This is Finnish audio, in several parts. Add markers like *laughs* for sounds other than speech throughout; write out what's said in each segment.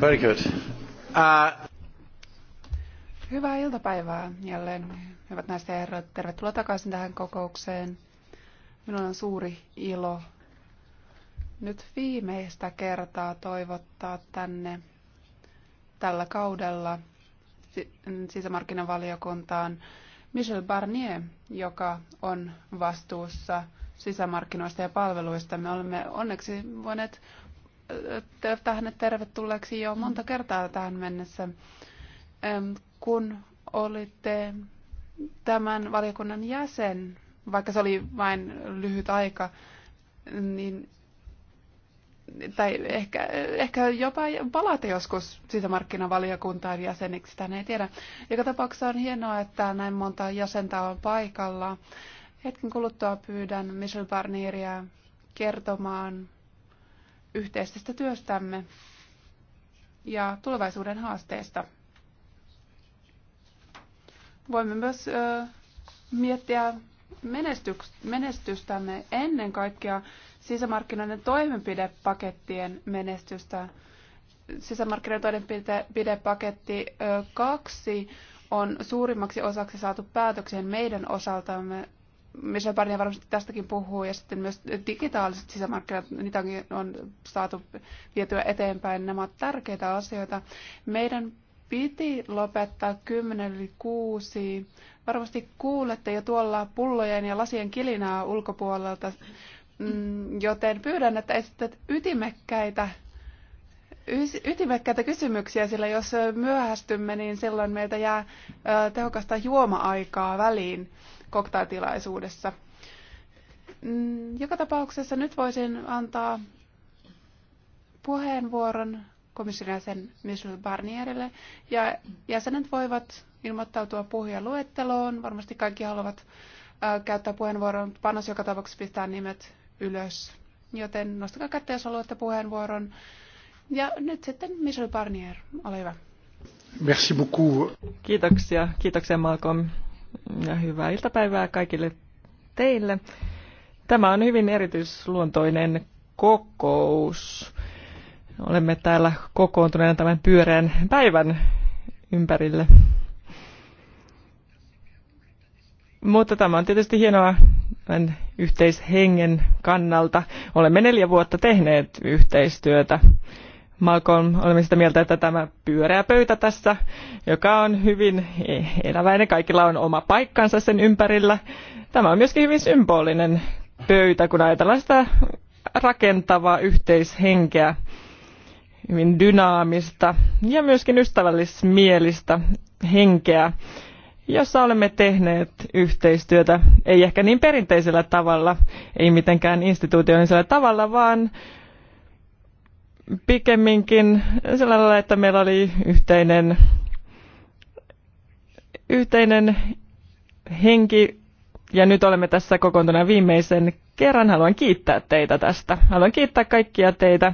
Very good. Uh... Hyvää iltapäivää jälleen, hyvät naiset ja herrat. Tervetuloa takaisin tähän kokoukseen. Minulla on suuri ilo nyt viimeistä kertaa toivottaa tänne tällä kaudella sisämarkkinavaliokuntaan Michel Barnier, joka on vastuussa sisämarkkinoista ja palveluista. Me olemme onneksi voineet hänet tervetulleeksi jo monta kertaa tähän mennessä, kun olitte tämän valiokunnan jäsen, vaikka se oli vain lyhyt aika, niin tai ehkä, ehkä jopa palata joskus sisämarkkinavaliokuntaan jäseniksi, sitä ei tiedä. Joka tapauksessa on hienoa, että näin monta jäsentä on paikalla. Hetken kuluttua pyydän Michel Barnieria kertomaan yhteisestä työstämme ja tulevaisuuden haasteista. Voimme myös ö, miettiä menestystämme ennen kaikkea sisämarkkinoiden toimenpidepakettien menestystä. Sisämarkkinoiden toimenpidepaketti kaksi on suurimmaksi osaksi saatu päätökseen meidän osaltamme Michel Barnier varmasti tästäkin puhuu, ja sitten myös digitaaliset sisämarkkinat, niitäkin on saatu vietyä eteenpäin. Nämä ovat tärkeitä asioita. Meidän piti lopettaa 10 yli 6. Varmasti kuulette jo tuolla pullojen ja lasien kilinää ulkopuolelta, mm, joten pyydän, että esität ytimekkäitä ytimekkäitä kysymyksiä, sillä jos myöhästymme, niin silloin meiltä jää tehokasta juoma-aikaa väliin koktailtilaisuudessa. Mm, joka tapauksessa nyt voisin antaa puheenvuoron komission jäsen Michel Barnierille, ja jäsenet voivat ilmoittautua luetteloon. Varmasti kaikki haluavat käyttää puheenvuoron. Panos joka tapauksessa pistää nimet ylös. Joten nostakaa kättä, jos haluatte puheenvuoron. Ja nyt sitten Michel Barnier, ole hyvä. Merci beaucoup. Kiitoksia, kiitoksia Malcolm ja hyvää iltapäivää kaikille teille. Tämä on hyvin erityisluontoinen kokous. Olemme täällä kokoontuneena tämän pyöreän päivän ympärille. Mutta tämä on tietysti hienoa tämän yhteishengen kannalta. Olemme neljä vuotta tehneet yhteistyötä Malcolm, olemme sitä mieltä, että tämä pyöreä pöytä tässä, joka on hyvin eläväinen, kaikilla on oma paikkansa sen ympärillä. Tämä on myöskin hyvin symbolinen pöytä, kun ajatellaan sitä rakentavaa yhteishenkeä, hyvin dynaamista ja myöskin ystävällismielistä henkeä, jossa olemme tehneet yhteistyötä, ei ehkä niin perinteisellä tavalla, ei mitenkään instituutioisella tavalla, vaan pikemminkin sillä lailla, että meillä oli yhteinen, yhteinen henki ja nyt olemme tässä kokoontuneen viimeisen kerran. Haluan kiittää teitä tästä. Haluan kiittää kaikkia teitä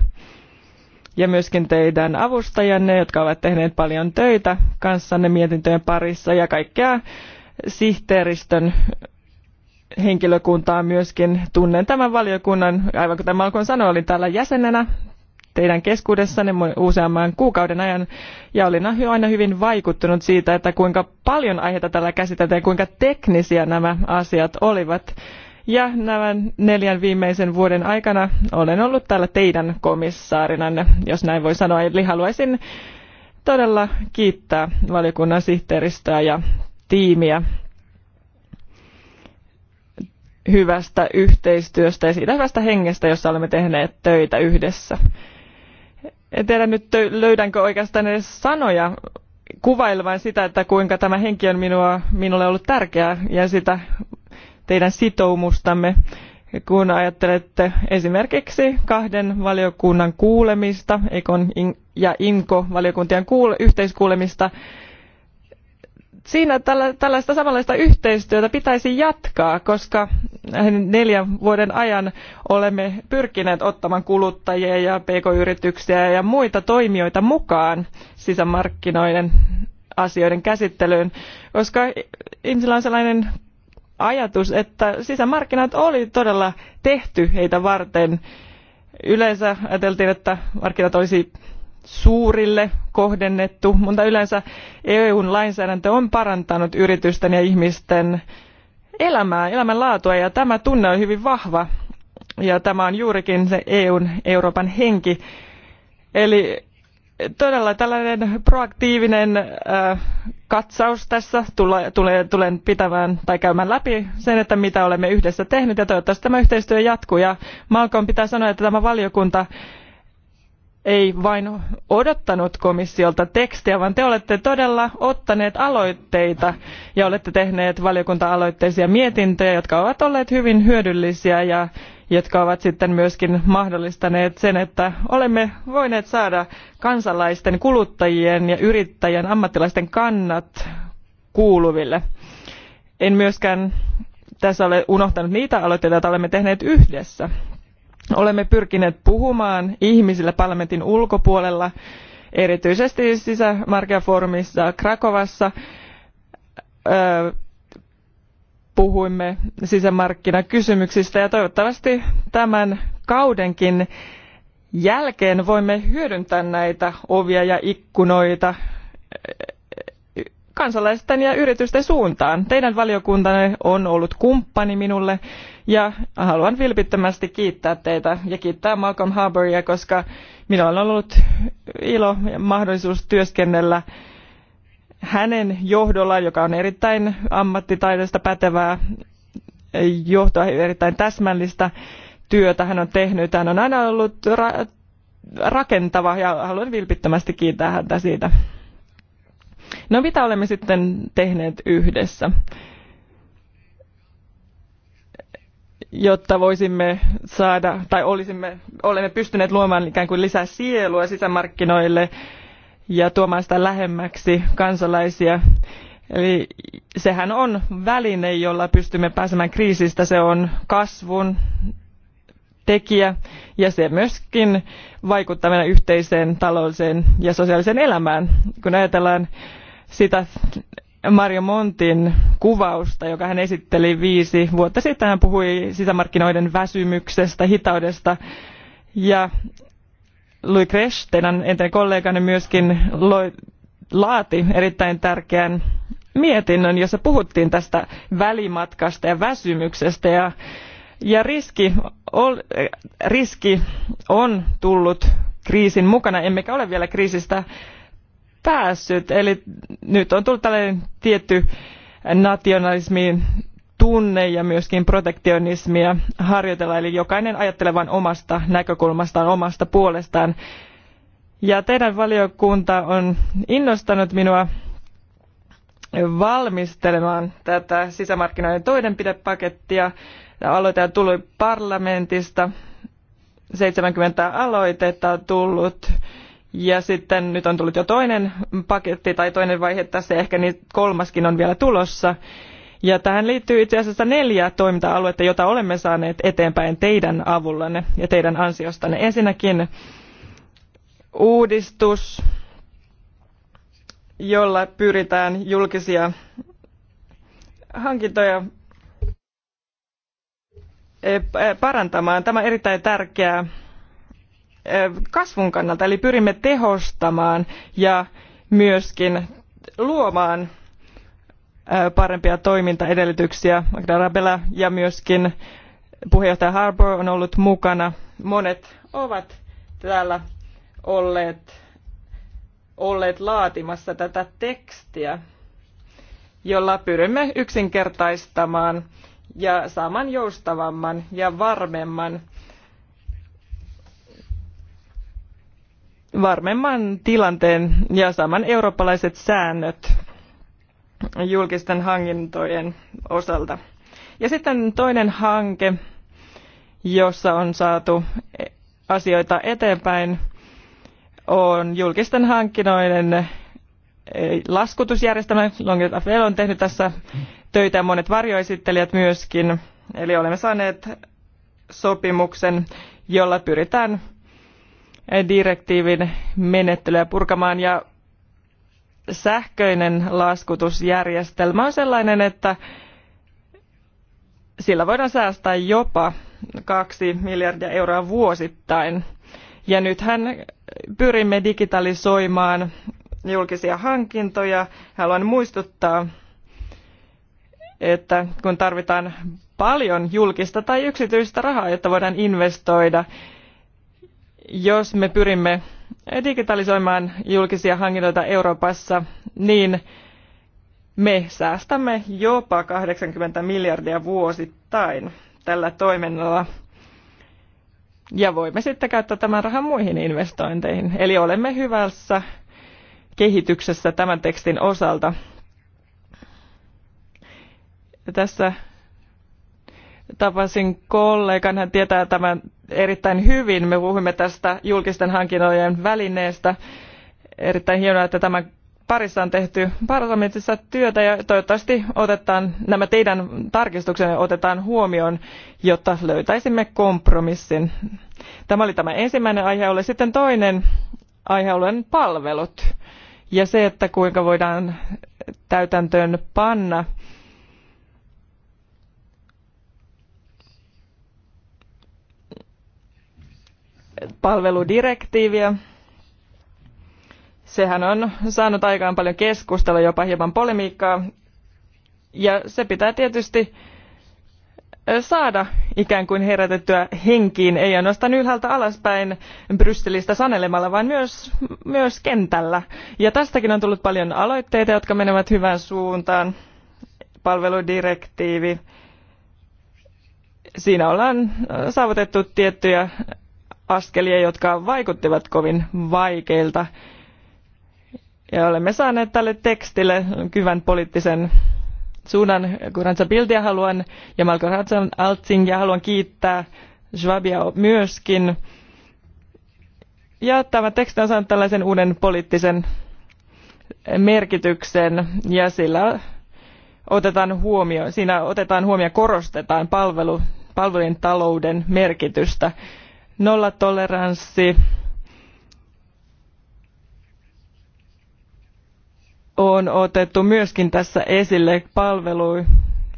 ja myöskin teidän avustajanne, jotka ovat tehneet paljon töitä kanssanne mietintöjen parissa ja kaikkea sihteeristön henkilökuntaa myöskin tunnen tämän valiokunnan. Aivan kuten Malkon sanoi, olin täällä jäsenenä teidän keskuudessanne useamman kuukauden ajan ja olin aina hyvin vaikuttunut siitä, että kuinka paljon aiheita tällä käsiteltiin ja kuinka teknisiä nämä asiat olivat. Ja näiden neljän viimeisen vuoden aikana olen ollut täällä teidän komissaarinanne, jos näin voi sanoa. Eli haluaisin todella kiittää valiokunnan sihteeristöä ja tiimiä hyvästä yhteistyöstä ja siitä hyvästä hengestä, jossa olemme tehneet töitä yhdessä. En tiedä nyt löydänkö oikeastaan edes sanoja kuvailemaan sitä, että kuinka tämä henki on minua, minulle ollut tärkeää ja sitä teidän sitoumustamme, kun ajattelette esimerkiksi kahden valiokunnan kuulemista, Ekon ja IMKO-valiokuntien kuule, yhteiskuulemista, siinä tällaista samanlaista yhteistyötä pitäisi jatkaa koska näiden neljän vuoden ajan olemme pyrkineet ottamaan kuluttajia ja pk yrityksiä ja muita toimijoita mukaan sisämarkkinoiden asioiden käsittelyyn koska ihmisillä on sellainen ajatus että sisämarkkinat oli todella tehty heitä varten. yleensä ajateltiin että markkinat olisi suurille kohdennettu mutta yleensä eun lainsäädäntö on parantanut yritysten ja ihmisten elämää, elämänlaatua ja tämä tunne on hyvin vahva ja tämä on juurikin se EUn, Euroopan henki. Eli todella tällainen proaktiivinen äh, katsaus tässä Tule, tulee, tulen pitämään tai käymään läpi sen, että mitä olemme yhdessä tehneet ja toivottavasti tämä yhteistyö jatkuu. Ja Malcolm pitää sanoa, että tämä valiokunta äh, ei vain odottanut komissiolta tekstiä, vaan te olette todella ottaneet aloitteita ja olette tehneet valiokunta-aloitteisia mietintöjä, jotka ovat olleet hyvin hyödyllisiä ja jotka ovat sitten myöskin mahdollistaneet sen, että olemme voineet saada kansalaisten, kuluttajien ja yrittäjien ammattilaisten kannat kuuluville. En myöskään tässä ole unohtanut niitä aloitteita, joita olemme tehneet yhdessä olemme pyrkineet puhumaan ihmisille parlamentin ulkopuolella erityisesti sisämarkkinafoorumissa krakovassa puhuimme sisämarkkinakysymyksistä ja toivottavasti tämän kaudenkin jälkeen voimme hyödyntää näitä ovia ja ikkunoita kansalaisten ja yritysten suuntaan. Teidän valiokuntanne on ollut kumppani minulle ja haluan vilpittömästi kiittää teitä ja kiittää Malcolm Harbouria, koska minulla on ollut ilo ja mahdollisuus työskennellä hänen johdollaan, joka on erittäin ammattitaidosta pätevää johtoa, erittäin täsmällistä työtä hän on tehnyt. Hän on aina ollut ra rakentava ja haluan vilpittömästi kiittää häntä siitä. No mitä olemme sitten tehneet yhdessä? jotta voisimme saada tai olisimme, olemme pystyneet luomaan ikään kuin lisää sielua sisämarkkinoille ja tuomaan sitä lähemmäksi kansalaisia. Eli sehän on väline, jolla pystymme pääsemään kriisistä. Se on kasvun tekijä ja se myöskin vaikuttaa meidän yhteiseen taloudelliseen ja sosiaaliseen elämään. Kun ajatellaan sitä Mario Montin kuvausta, joka hän esitteli viisi vuotta sitten, hän puhui sisämarkkinoiden väsymyksestä, hitaudesta ja Louis Kresch, teidän entinen kolleganne myöskin loi, laati erittäin tärkeän mietinnön, jossa puhuttiin tästä välimatkasta ja väsymyksestä ja ja eh, riski, on tullut kriisin mukana emmekä ole vielä kriisistä päässyt eli nyt on tullut tällainen tietty nationalismin tunne ja myöskin protektionismia harjoitella eli jokainen ajattelee vain omasta näkökulmastaan omasta puolestaan. Ja teidän valiokunta on innostanut minua valmistelemaan tätä sisämarkkinoiden toimenpidepakettia aloite tuli parlamentista, 70 aloitetta on tullut ja sitten nyt on tullut jo toinen paketti tai toinen vaihe tässä ja ehkä niin kolmaskin on vielä tulossa. Ja tähän liittyy itse asiassa neljä toiminta-aluetta, jota olemme saaneet eteenpäin teidän avullanne ja teidän ansiostanne. Ensinnäkin uudistus, jolla pyritään julkisia hankintoja parantamaan. Tämä on erittäin tärkeää eh, kasvun kannalta, eli pyrimme tehostamaan ja myöskin luomaan eh, parempia toimintaedellytyksiä. Magdalena ja myöskin puheenjohtaja Harbour on ollut mukana. Monet ovat täällä olleet, olleet laatimassa tätä tekstiä, jolla pyrimme yksinkertaistamaan ja saamaan joustavamman ja varmemman, varmemman tilanteen ja saamaan eurooppalaiset säännöt julkisten hankintojen osalta. Ja sitten toinen hanke, jossa on saatu asioita eteenpäin, on julkisten hankkinoiden eh, laskutusjärjestelmä. Longit on tehnyt tässä töitä ja monet varjoesittelijät myöskin. Eli olemme saaneet sopimuksen, jolla pyritään direktiivin menettelyä purkamaan ja sähköinen laskutusjärjestelmä on sellainen, että sillä voidaan säästää jopa kaksi miljardia euroa vuosittain. Ja nythän pyrimme digitalisoimaan julkisia hankintoja. Haluan muistuttaa että kun tarvitaan paljon julkista tai yksityistä rahaa, jotta voidaan investoida, jos me pyrimme digitalisoimaan julkisia hankintoja Euroopassa, niin me säästämme jopa 80 miljardia vuosittain tällä toiminnalla. Ja voimme sitten käyttää tämän rahan muihin investointeihin. Eli olemme hyvässä kehityksessä tämän tekstin osalta tässä tapasin kollegan, hän tietää tämän erittäin hyvin. Me puhumme tästä julkisten hankinnojen välineestä. Erittäin hienoa, että tämän parissa on tehty parlamentissa työtä ja toivottavasti otetaan, nämä teidän tarkistuksenne otetaan huomioon, jotta löytäisimme kompromissin. Tämä oli tämä ensimmäinen aihealue. Sitten toinen aihealue on palvelut ja se, että kuinka voidaan täytäntöön panna palveludirektiiviä. Sehän on saanut aikaan paljon keskustelua, jopa hieman polemiikkaa. Ja se pitää tietysti saada ikään kuin herätettyä henkiin, ei ainoastaan ylhäältä alaspäin Brysselistä sanelemalla, vaan myös, myös kentällä. Ja tästäkin on tullut paljon aloitteita, jotka menevät hyvään suuntaan. Palveludirektiivi. Siinä ollaan saavutettu tiettyjä askelia, jotka vaikuttivat kovin vaikeilta. Ja olemme saaneet tälle tekstille hyvän poliittisen suunnan. Kuransa Bildia haluan ja Malcolm Hudson Altsingia haluan kiittää. Schwabia myöskin. Ja tämä teksti on saanut tällaisen uuden poliittisen merkityksen ja sillä otetaan huomioon, siinä otetaan huomioon, korostetaan palvelu, palvelujen talouden merkitystä nollatoleranssi on otettu myöskin tässä esille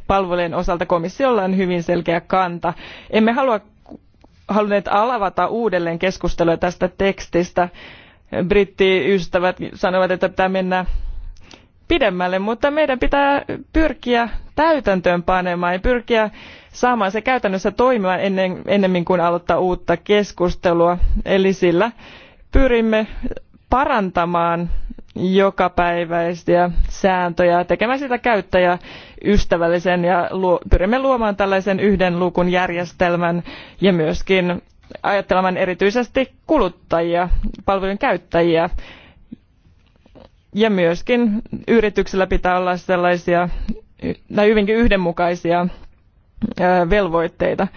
palvelujen osalta. Komissiolla on hyvin selkeä kanta. Emme halua, halunneet alavata uudelleen keskustelua tästä tekstistä. Brittiystävät sanovat, että pitää mennä pidemmälle, mutta meidän pitää pyrkiä täytäntöön panemaan ja pyrkiä saamaan se käytännössä toimimaan ennen, ennemmin kuin aloittaa uutta keskustelua. Eli sillä pyrimme parantamaan jokapäiväisiä sääntöjä, tekemään sitä käyttäjäystävällisen ja luo, pyrimme luomaan tällaisen yhden luukun järjestelmän ja myöskin ajattelemaan erityisesti kuluttajia, palvelujen käyttäjiä. Ja myöskin yrityksillä pitää olla sellaisia tai hyvinkin yhdenmukaisia velvoitteita.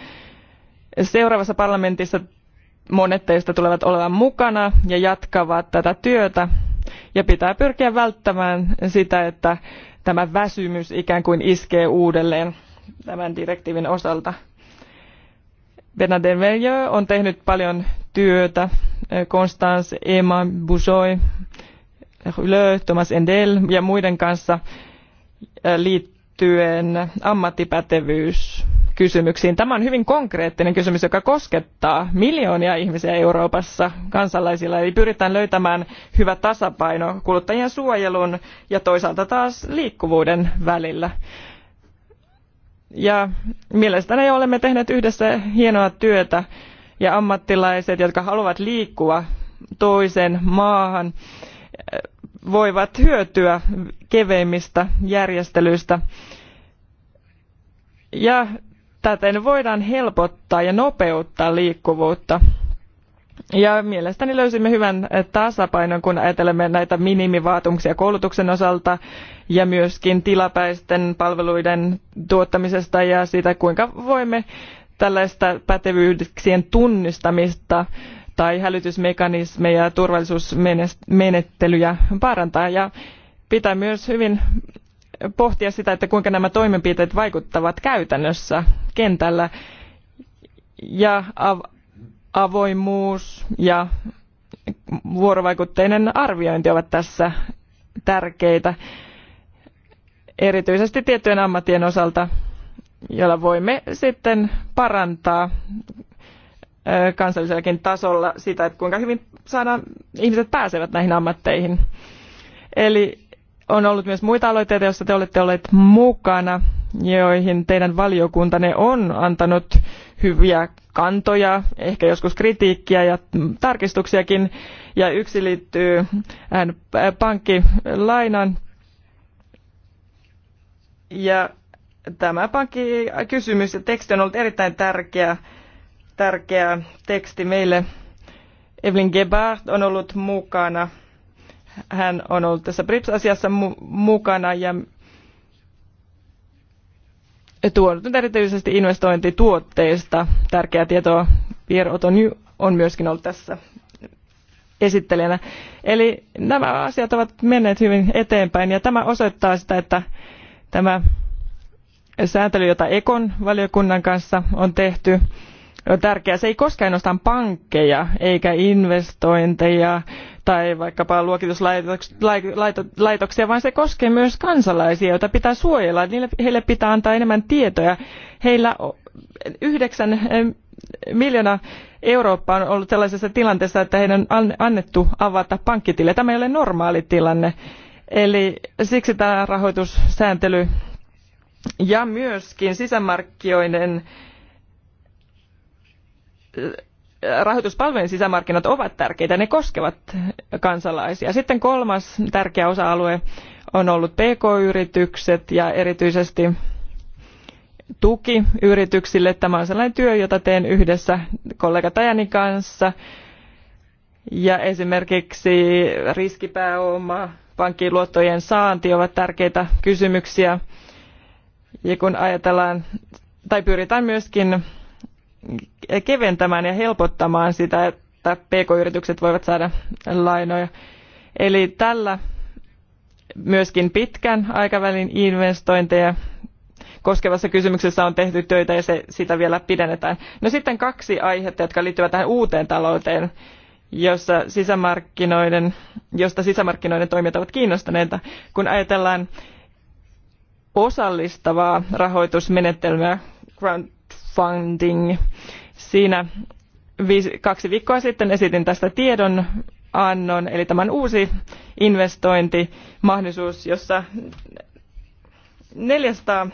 Seuraavassa parlamentissa monet teistä tulevat olemaan mukana ja jatkavat tätä työtä ja pitää pyrkiä välttämään sitä, että tämä väsymys ikään kuin iskee uudelleen tämän direktiivin osalta. Bernadette Veljö on tehnyt paljon työtä. Constance, Emma, Bujoy, Hylö, Thomas Endel ja muiden kanssa liittyen ammattipätevyyskysymyksiin. Tämä on hyvin konkreettinen kysymys, joka koskettaa miljoonia ihmisiä Euroopassa kansalaisilla. Eli pyritään löytämään hyvä tasapaino kuluttajien suojelun ja toisaalta taas liikkuvuuden välillä. Ja mielestäni olemme tehneet yhdessä hienoa työtä ja ammattilaiset, jotka haluavat liikkua toiseen maahan, voivat hyötyä keveämmistä järjestelyistä ja täten voidaan helpottaa ja nopeuttaa liikkuvuutta. Ja mielestäni löysimme hyvän tasapainon, kun ajattelemme näitä minimivaatimuksia koulutuksen osalta ja myöskin tilapäisten palveluiden tuottamisesta ja siitä, kuinka voimme tällaista pätevyyksien tunnistamista tai hälytysmekanismeja ja turvallisuusmenettelyjä parantaa ja pitää myös hyvin pohtia sitä että kuinka nämä toimenpiteet vaikuttavat käytännössä kentällä ja avoimuus ja vuorovaikutteinen arviointi ovat tässä tärkeitä erityisesti tiettyjen ammattien osalta joilla voimme sitten parantaa kansallisellakin tasolla sitä, että kuinka hyvin saadaan ihmiset pääsevät näihin ammatteihin. Eli on ollut myös muita aloitteita, joissa te olette olleet mukana, joihin teidän valiokuntanne on antanut hyviä kantoja, ehkä joskus kritiikkiä ja tarkistuksiakin. Ja yksi liittyy pankkilainan. Ja tämä pankkikysymys ja teksti on ollut erittäin tärkeä tärkeä teksti meille. Evelyn Gebhardt on ollut mukana. Hän on ollut tässä BRIPS-asiassa mukana ja tuonut nyt erityisesti investointituotteista tärkeää tietoa. Pierre Otoni on myöskin ollut tässä esittelijänä. Eli nämä asiat ovat menneet hyvin eteenpäin ja tämä osoittaa sitä, että tämä sääntely, jota Ekon valiokunnan kanssa on tehty, tärkeä. Se ei koske ainoastaan pankkeja eikä investointeja tai vaikkapa luokituslaitoksia, vaan se koskee myös kansalaisia, joita pitää suojella. heille pitää antaa enemmän tietoja. Heillä yhdeksän eh, miljoonaa Eurooppa on ollut sellaisessa tilanteessa, että heidän on annettu avata pankkitilejä. Tämä ei ole normaali tilanne. Eli siksi tämä rahoitussääntely ja myöskin sisämarkkinoiden rahoituspalvelujen sisämarkkinat ovat tärkeitä, ne koskevat kansalaisia. Sitten kolmas tärkeä osa-alue on ollut PK-yritykset ja erityisesti tuki yrityksille. Tämä on sellainen työ, jota teen yhdessä kollega Tajani kanssa. Ja esimerkiksi riskipääoma, pankkiluottojen saanti ovat tärkeitä kysymyksiä. Ja kun ajatellaan, tai pyritään myöskin keventämään ja helpottamaan sitä, että pk-yritykset voivat saada lainoja. Eli tällä myöskin pitkän aikavälin investointeja koskevassa kysymyksessä on tehty töitä ja se, sitä vielä pidennetään. No sitten kaksi aihetta, jotka liittyvät tähän uuteen talouteen, jossa sisämarkkinoiden, josta sisämarkkinoiden toimijat ovat kiinnostuneita, kun ajatellaan osallistavaa rahoitusmenetelmää, crowdfunding. Siinä kaksi viikkoa sitten esitin tästä tiedon annon, eli tämän uusi investointimahdollisuus, jossa 400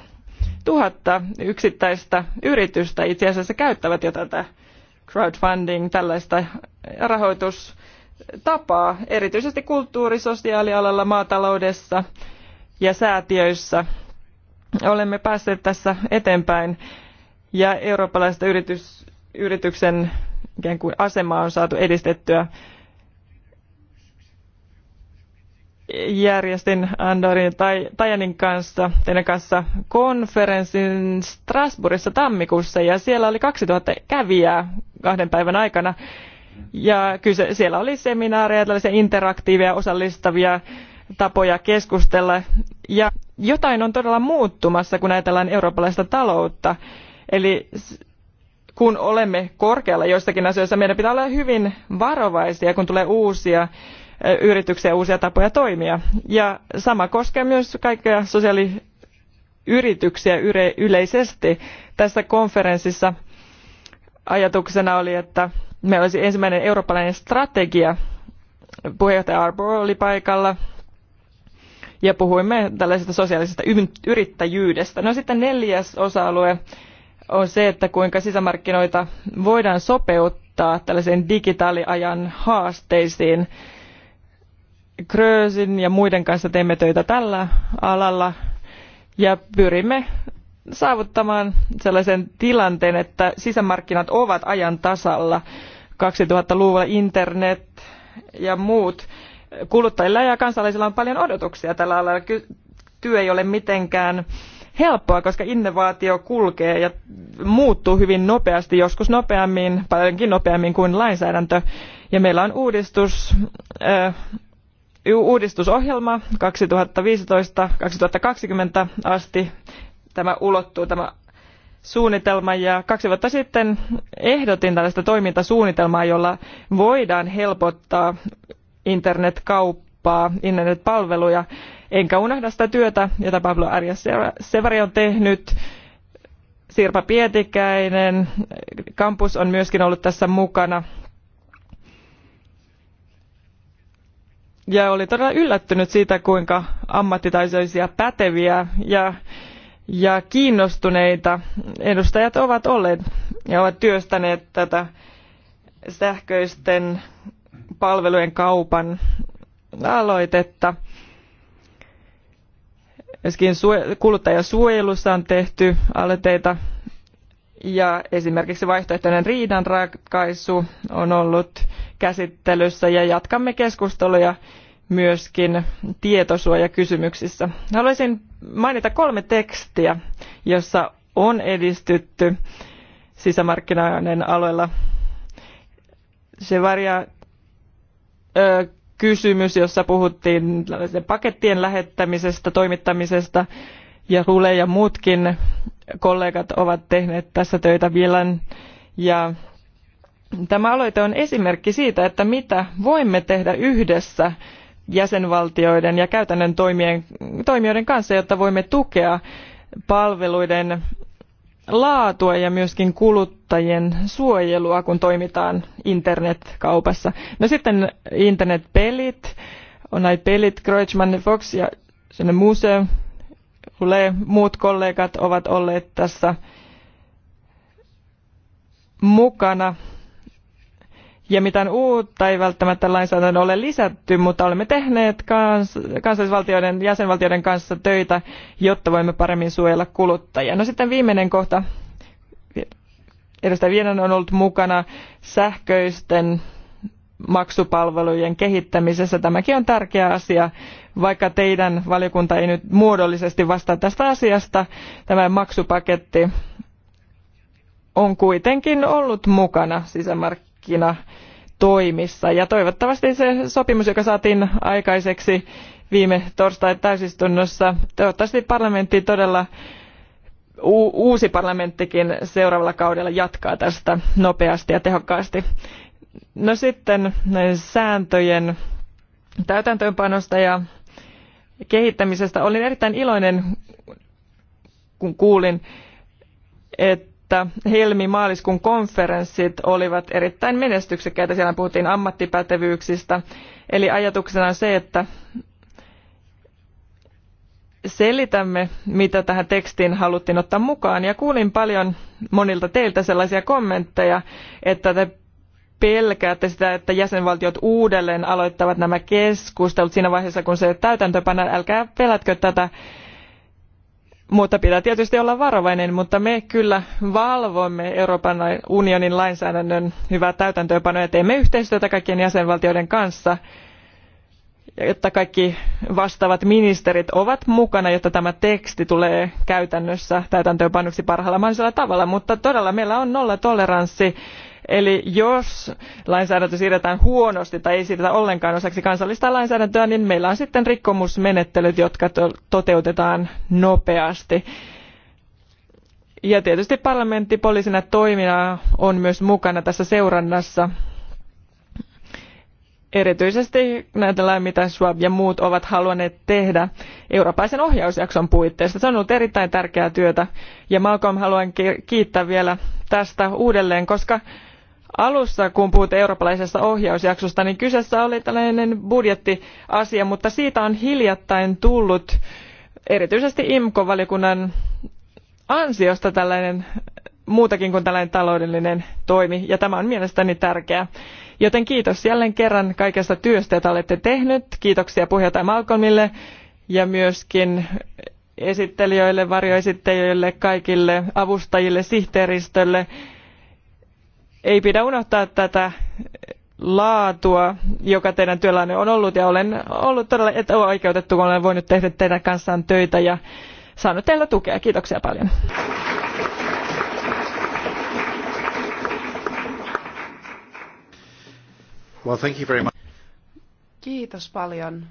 000 yksittäistä yritystä itse asiassa käyttävät jo tätä crowdfunding, tällaista rahoitustapaa, erityisesti kulttuuri, sosiaalialalla, maataloudessa ja säätiöissä. Olemme päässeet tässä eteenpäin ja eurooppalaista yritys, yrityksen ikään kuin asemaa on saatu edistettyä. Järjestin Andorin tai Tajanin kanssa, teidän kanssa konferenssin Strasbourgissa tammikuussa ja siellä oli 2000 kävijää kahden päivän aikana. Ja kyse, siellä oli seminaareja, tällaisia interaktiivia, osallistavia tapoja keskustella. Ja jotain on todella muuttumassa, kun ajatellaan eurooppalaista taloutta. Eli kun olemme korkealla joissakin asioissa, meidän pitää olla hyvin varovaisia, kun tulee uusia yrityksiä, uusia tapoja toimia. Ja sama koskee myös kaikkia sosiaaliyrityksiä yleisesti. Tässä konferenssissa ajatuksena oli, että meillä olisi ensimmäinen eurooppalainen strategia. Puheenjohtaja Arbor oli paikalla ja puhuimme tällaisesta sosiaalisesta yrittäjyydestä. No sitten neljäs osa-alue on se, että kuinka sisämarkkinoita voidaan sopeuttaa tällaisiin digitaaliajan haasteisiin. Kröösin ja muiden kanssa teemme töitä tällä alalla ja pyrimme saavuttamaan sellaisen tilanteen, että sisämarkkinat ovat ajan tasalla. 2000-luvulla internet ja muut. Kuluttajilla ja kansalaisilla on paljon odotuksia tällä alalla. Työ ei ole mitenkään helppoa, koska innovaatio kulkee ja muuttuu hyvin nopeasti, joskus nopeammin, paljonkin nopeammin kuin lainsäädäntö. Ja meillä on uudistus, äh, uudistusohjelma 2015-2020 asti. Tämä ulottuu tämä suunnitelma ja kaksi vuotta sitten ehdotin tällaista toimintasuunnitelmaa, jolla voidaan helpottaa internetkauppaa, internetpalveluja. palveluja enkä unohda sitä työtä jota pablo arias severi on tehnyt. sirpa pietikäinen kampus on myös ollut tässä mukana. ja olin todella yllättynyt siitä kuinka ammattitaitoisia päteviä ja ja kiinnostuneita edustajat ovat olleet ja ovat työstäneet tätä sähköisten palvelujen kaupan aloitetta myöskin kuluttajasuojelussa on tehty aloitteita ja esimerkiksi vaihtoehtoinen riidanratkaisu on ollut käsittelyssä ja jatkamme keskusteluja myöskin tietosuojakysymyksissä. Haluaisin mainita kolme tekstiä, jossa on edistytty sisämarkkinoiden alueella. varja kysymys, jossa puhuttiin pakettien lähettämisestä, toimittamisesta ja Rule ja muutkin kollegat ovat tehneet tässä töitä vielä. Ja tämä aloite on esimerkki siitä, että mitä voimme tehdä yhdessä jäsenvaltioiden ja käytännön toimien, toimijoiden kanssa, jotta voimme tukea palveluiden laatua ja myöskin kuluttajien suojelua, kun toimitaan internetkaupassa. No sitten internetpelit, on näitä pelit, Kreutzmann, Fox ja sinne museo, Hule, muut kollegat ovat olleet tässä mukana ja mitään uutta ei välttämättä lainsäädännön ole lisätty, mutta olemme tehneet kans, kansallisvaltioiden jäsenvaltioiden kanssa töitä, jotta voimme paremmin suojella kuluttajia. No sitten viimeinen kohta. Edustaja Vienan on ollut mukana sähköisten maksupalvelujen kehittämisessä. Tämäkin on tärkeä asia, vaikka teidän valiokunta ei nyt muodollisesti vastaa tästä asiasta. Tämä maksupaketti on kuitenkin ollut mukana sisämarkkinoilla markkinatoimissa. Ja toivottavasti se sopimus, joka saatiin aikaiseksi viime torstain täysistunnossa, toivottavasti parlamentti todella uusi parlamenttikin seuraavalla kaudella jatkaa tästä nopeasti ja tehokkaasti. No sitten sääntöjen täytäntöönpanosta ja kehittämisestä. Olin erittäin iloinen, kun kuulin, että että helmi-maaliskuun konferenssit olivat erittäin menestyksekkäitä. Siellä puhuttiin ammattipätevyyksistä. Eli ajatuksena on se, että selitämme, mitä tähän tekstiin haluttiin ottaa mukaan. Ja kuulin paljon monilta teiltä sellaisia kommentteja, että te pelkäätte sitä, että jäsenvaltiot uudelleen aloittavat nämä keskustelut siinä vaiheessa, kun se täytäntöpannaan. Älkää pelätkö tätä mutta pitää tietysti olla varovainen mutta me kyllä valvomme euroopan unionin lainsäädännön hyvää täytäntöönpanoa ja teemme yhteistyötä kaikkien jäsenvaltioiden kanssa jotta kaikki vastaavat ministerit ovat mukana jotta tämä teksti tulee käytännössä täytäntöönpannuksi parhaalla mahdollisella tavalla mutta todella meillä on nollatoleranssi toleranssi Eli jos lainsäädäntö siirretään huonosti tai ei siirretä ollenkaan osaksi kansallista lainsäädäntöä, niin meillä on sitten rikkomusmenettelyt, jotka toteutetaan nopeasti. Ja tietysti parlamentti poliisina toimina on myös mukana tässä seurannassa. Erityisesti näytellään, mitä Schwab ja muut ovat halunneet tehdä eurooppaisen ohjausjakson puitteissa. Se on ollut erittäin tärkeää työtä ja Malcolm haluan kiittää vielä tästä uudelleen, koska alussa, kun puhut eurooppalaisesta ohjausjaksosta, niin kyseessä oli tällainen budjettiasia, mutta siitä on hiljattain tullut erityisesti imco valiokunnan ansiosta tällainen muutakin kuin tällainen taloudellinen toimi, ja tämä on mielestäni tärkeää. Joten kiitos jälleen kerran kaikesta työstä, jota olette tehnyt. Kiitoksia puheenjohtaja Malcolmille ja myöskin esittelijöille, varjoesittelijöille, kaikille avustajille, sihteeristölle, ei pidä unohtaa tätä laatua, joka teidän työllänne on ollut ja olen ollut todella etuoikeutettu, kun olen voinut tehdä teidän kanssaan töitä ja saanut teillä tukea. Kiitoksia paljon. Well, thank you very much. Kiitos paljon.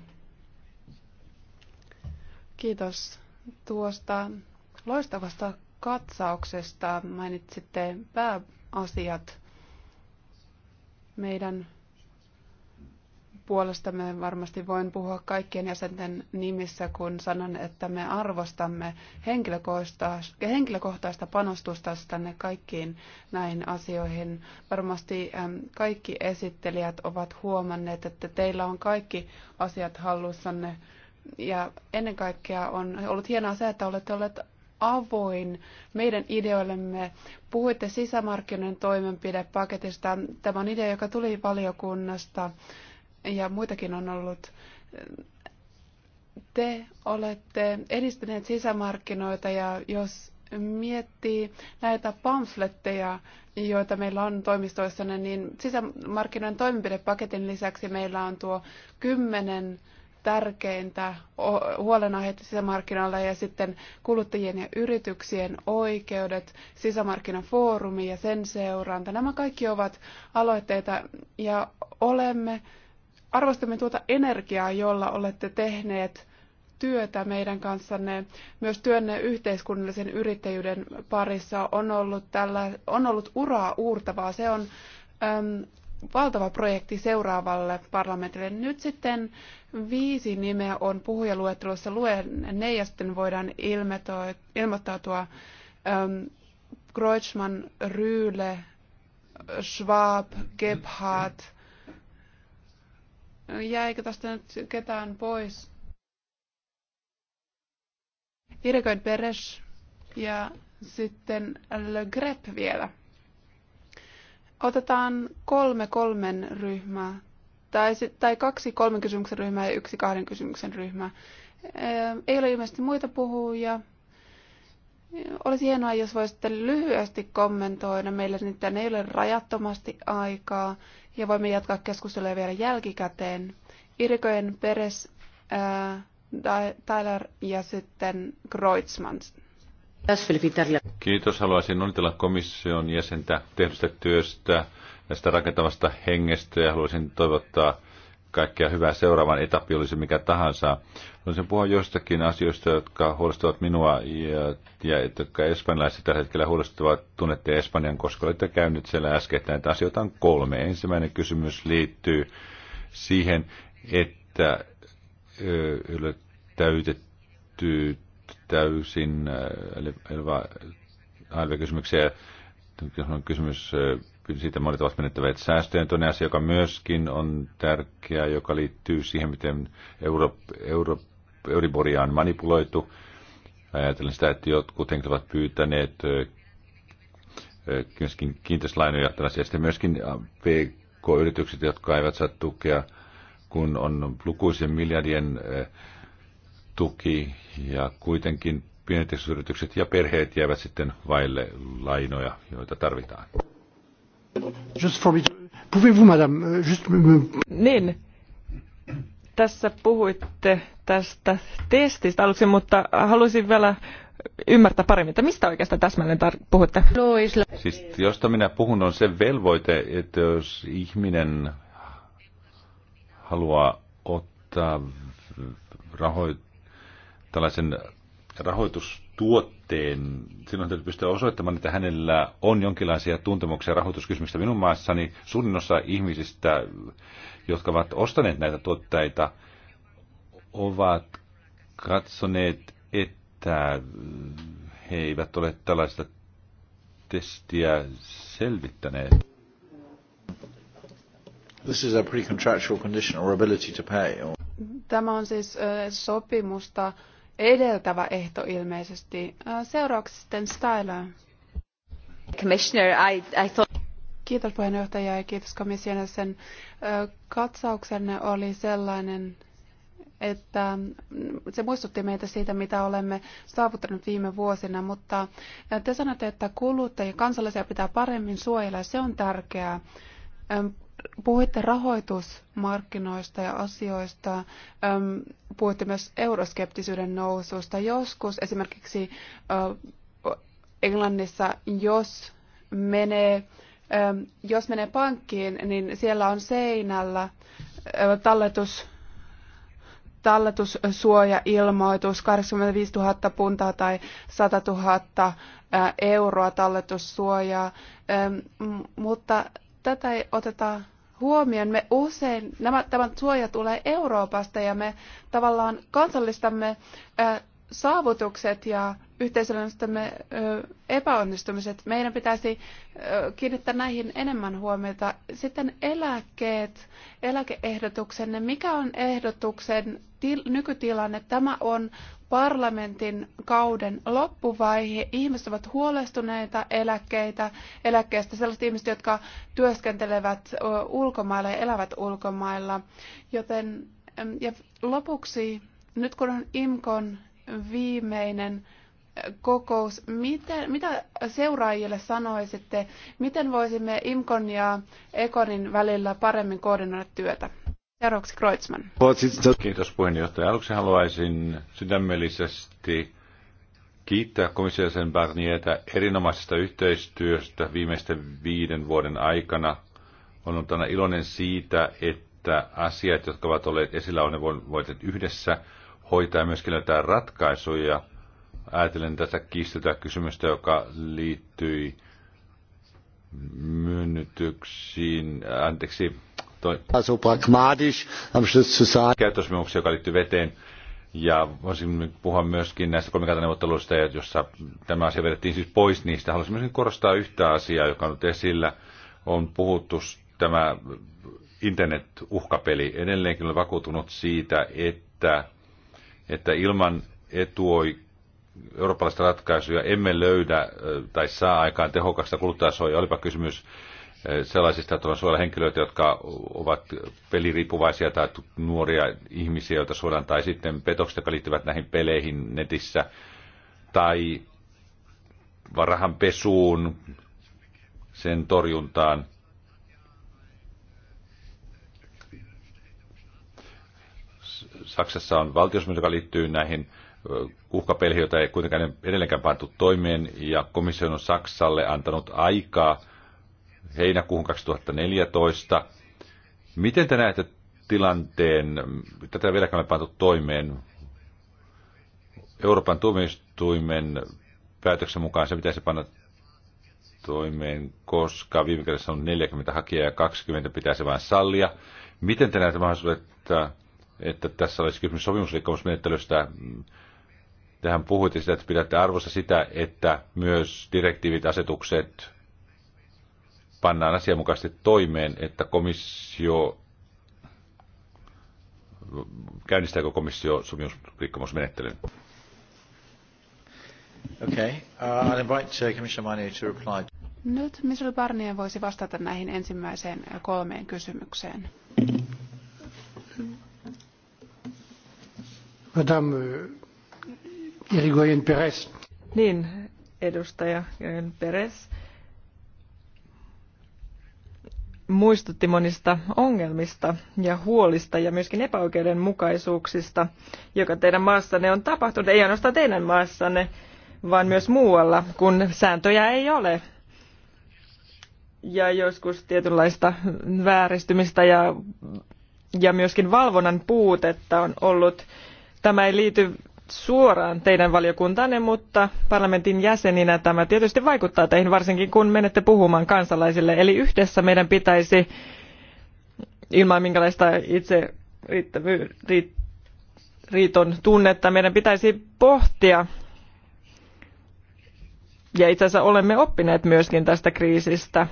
Kiitos tuosta loistavasta katsauksesta. Mainitsitte pää asiat. Meidän puolestamme varmasti voin puhua kaikkien jäsenten nimissä, kun sanon, että me arvostamme henkilökohtaista, henkilökohtaista panostusta tänne kaikkiin näihin asioihin. Varmasti kaikki esittelijät ovat huomanneet, että teillä on kaikki asiat hallussanne. Ja ennen kaikkea on ollut hienoa se, että olette olleet avoin meidän ideoillemme. Puhuitte sisämarkkinoiden toimenpidepaketista. Tämä on idea, joka tuli valiokunnasta ja muitakin on ollut. Te olette edistäneet sisämarkkinoita ja jos miettii näitä pamfletteja, joita meillä on toimistoissa, niin sisämarkkinoiden toimenpidepaketin lisäksi meillä on tuo kymmenen tärkeintä huolenaiheita sisämarkkinoilla ja sitten kuluttajien ja yrityksien oikeudet, sisämarkkinafoorumi ja sen seuranta. Nämä kaikki ovat aloitteita ja olemme, arvostamme tuota energiaa, jolla olette tehneet työtä meidän kanssanne. Myös työnne yhteiskunnallisen yrittäjyyden parissa on ollut, tällä, on ollut uraa uurtavaa. Se on äm, valtava projekti seuraavalle parlamentille. Nyt sitten viisi nimeä on puhujaluettelossa. Luen ne ja sitten voidaan ilmoittautua. Ähm, Kreutzmann, Ryyle, Schwab, Gebhardt. Jäikö tästä nyt ketään pois? Irgoin Peres ja sitten Le Grep vielä. Otetaan kolme kolmen ryhmää, tai, tai kaksi kolmen kysymyksen ryhmää ja yksi kahden kysymyksen ryhmää. Ei ole ilmeisesti muita puhujia. Olisi hienoa, jos voisitte lyhyesti kommentoida. Meillä nyt ei ole rajattomasti aikaa ja voimme jatkaa keskustelua vielä jälkikäteen. Irikojen Peres, ää, Tyler ja sitten Kreutzmann. Kiitos. Haluaisin onnitella komission jäsentä tehdystä työstä ja sitä rakentavasta hengestä ja haluaisin toivottaa kaikkea hyvää seuraavan etappi olisi mikä tahansa. Haluaisin puhua joistakin asioista, jotka huolestuvat minua ja, ja jotka espanjalaiset tällä hetkellä huolestuvat. Tunnette Espanjan, koska olette käynyt siellä äsken. Näitä asioita on kolme. Ensimmäinen kysymys liittyy siihen, että ö, täytetty täysin äh, vaan kysymyksiä. On kysymys äh, siitä monet ovat menettävät säästöjen toinen asia, joka myöskin on tärkeä, joka liittyy siihen, miten euro, euro, Euriboria on manipuloitu. Ajatellen sitä, että jotkut henkilöt ovat pyytäneet äh, myöskin kiinteistölainoja tällaisia. Sitten myöskin PK-yritykset, jotka eivät saa tukea, kun on lukuisen miljardien tuki ja kuitenkin pienet yritykset ja perheet jäävät sitten vaille lainoja, joita tarvitaan. Niin. Tässä puhuitte tästä testistä aluksi, mutta haluaisin vielä ymmärtää paremmin, että mistä oikeastaan täsmälleen tar- puhutte? Siis josta minä puhun on se velvoite, että jos ihminen haluaa ottaa rahoit tällaisen rahoitustuotteen, silloin täytyy pystyä osoittamaan, että hänellä on jonkinlaisia tuntemuksia rahoituskysymyksistä. Minun maassani suurin osa ihmisistä, jotka ovat ostaneet näitä tuotteita, ovat katsoneet, että he eivät ole tällaista testiä selvittäneet. This is a pre-contractual condition or ability to pay. Tämä on siis sopimusta edeltävä ehto ilmeisesti. Seuraavaksi sitten Styler. Commissioner, I, I thought... Kiitos puheenjohtaja ja kiitos komission sen katsauksenne oli sellainen, että mm, se muistutti meitä siitä, mitä olemme saavuttaneet viime vuosina, mutta te sanotte, että kuluttajia kansalaisia pitää paremmin suojella, se on tärkeää puhuitte rahoitusmarkkinoista ja asioista, äm, puhuitte myös euroskeptisyyden noususta. Joskus esimerkiksi Englannissa, jos menee, jos menee pankkiin, niin siellä on seinällä ä, talletus talletussuoja-ilmoitus, 85 000 puntaa tai 100 000 euroa talletussuojaa, mutta tätä ei oteta huomioon, me usein, nämä, tämä suoja tulee Euroopasta ja me tavallaan kansallistamme ää, saavutukset ja yhteisöllistämme epäonnistumiset. Meidän pitäisi kiinnittää näihin enemmän huomiota. Sitten eläkkeet, eläkeehdotuksenne. Mikä on ehdotuksen nykytilanne? Tämä on parlamentin kauden loppuvaihe. Ihmiset ovat huolestuneita eläkkeitä, eläkkeestä, sellaiset ihmiset, jotka työskentelevät ulkomailla ja elävät ulkomailla. Joten ja lopuksi, nyt kun on IMKON viimeinen kokous, miten, mitä seuraajille sanoisitte, miten voisimme IMKON ja EKONin välillä paremmin koordinoida työtä? Seuraavaksi Kreutzmann. Kiitos puheenjohtaja. Aluksi haluaisin sydämellisesti kiittää komissiojäsen Barnietä erinomaisesta yhteistyöstä viimeisten viiden vuoden aikana. on ollut aina iloinen siitä, että asiat, jotka ovat olleet esillä, on ne voitu yhdessä hoitaa ja myöskin löytää ratkaisuja. Ajattelen tätä kiistetä kysymystä, joka liittyi myönnytyksiin, anteeksi, toi... Käyttösopimus, joka liittyy veteen. Ja voisin puhua myöskin näistä kolmikantaneuvotteluista, jossa tämä asia vedettiin siis pois niistä. Haluaisin myöskin korostaa yhtä asiaa, joka on nyt esillä. On puhuttu tämä internet-uhkapeli. Edelleenkin olen vakuutunut siitä, että, että ilman etuoi eurooppalaista ratkaisuja emme löydä tai saa aikaan tehokasta kuluttajasuojaa. Olipa kysymys sellaisista, että on suojella henkilöitä, jotka ovat peliriippuvaisia tai nuoria ihmisiä, joita suojellaan, tai sitten petokset, jotka liittyvät näihin peleihin netissä, tai varahan pesuun sen torjuntaan. Saksassa on valtiosmyys, joka liittyy näihin uhkapeleihin, joita ei kuitenkaan edelleenkään pantu toimeen, ja komissio on Saksalle antanut aikaa – heinäkuuhun 2014. Miten te näette tilanteen, tätä vieläkään ole pantu toimeen, Euroopan tuomioistuimen päätöksen mukaan se pitäisi panna toimeen, koska viime kädessä on 40 hakijaa ja 20 pitäisi vain sallia. Miten te näette mahdollisuudet, että, että tässä olisi kysymys sopimusrikkomusmenettelystä? Tähän puhuitte sitä, että pidätte arvossa sitä, että myös direktiivit, asetukset, pannaan asianmukaisesti toimeen, että komissio, käynnistääkö komissio sopimusrikkomusmenettelyn? Okay. Uh, I'll invite uh, Commissioner Manu to reply. Nyt Michel Barnier voisi vastata näihin ensimmäiseen kolmeen kysymykseen. Madame uh, Irigoyen Perez. Niin, edustaja Irigoyen Perez muistutti monista ongelmista ja huolista ja myöskin epäoikeudenmukaisuuksista, joka teidän maassanne on tapahtunut, ei ainoastaan teidän maassanne, vaan myös muualla, kun sääntöjä ei ole. Ja joskus tietynlaista vääristymistä ja, ja myöskin valvonnan puutetta on ollut. Tämä ei liity suoraan teidän valiokuntanne, mutta parlamentin jäseninä tämä tietysti vaikuttaa teihin, varsinkin kun menette puhumaan kansalaisille. Eli yhdessä meidän pitäisi ilman minkälaista itse riiton tunnetta meidän pitäisi pohtia ja itse asiassa olemme oppineet myöskin tästä kriisistä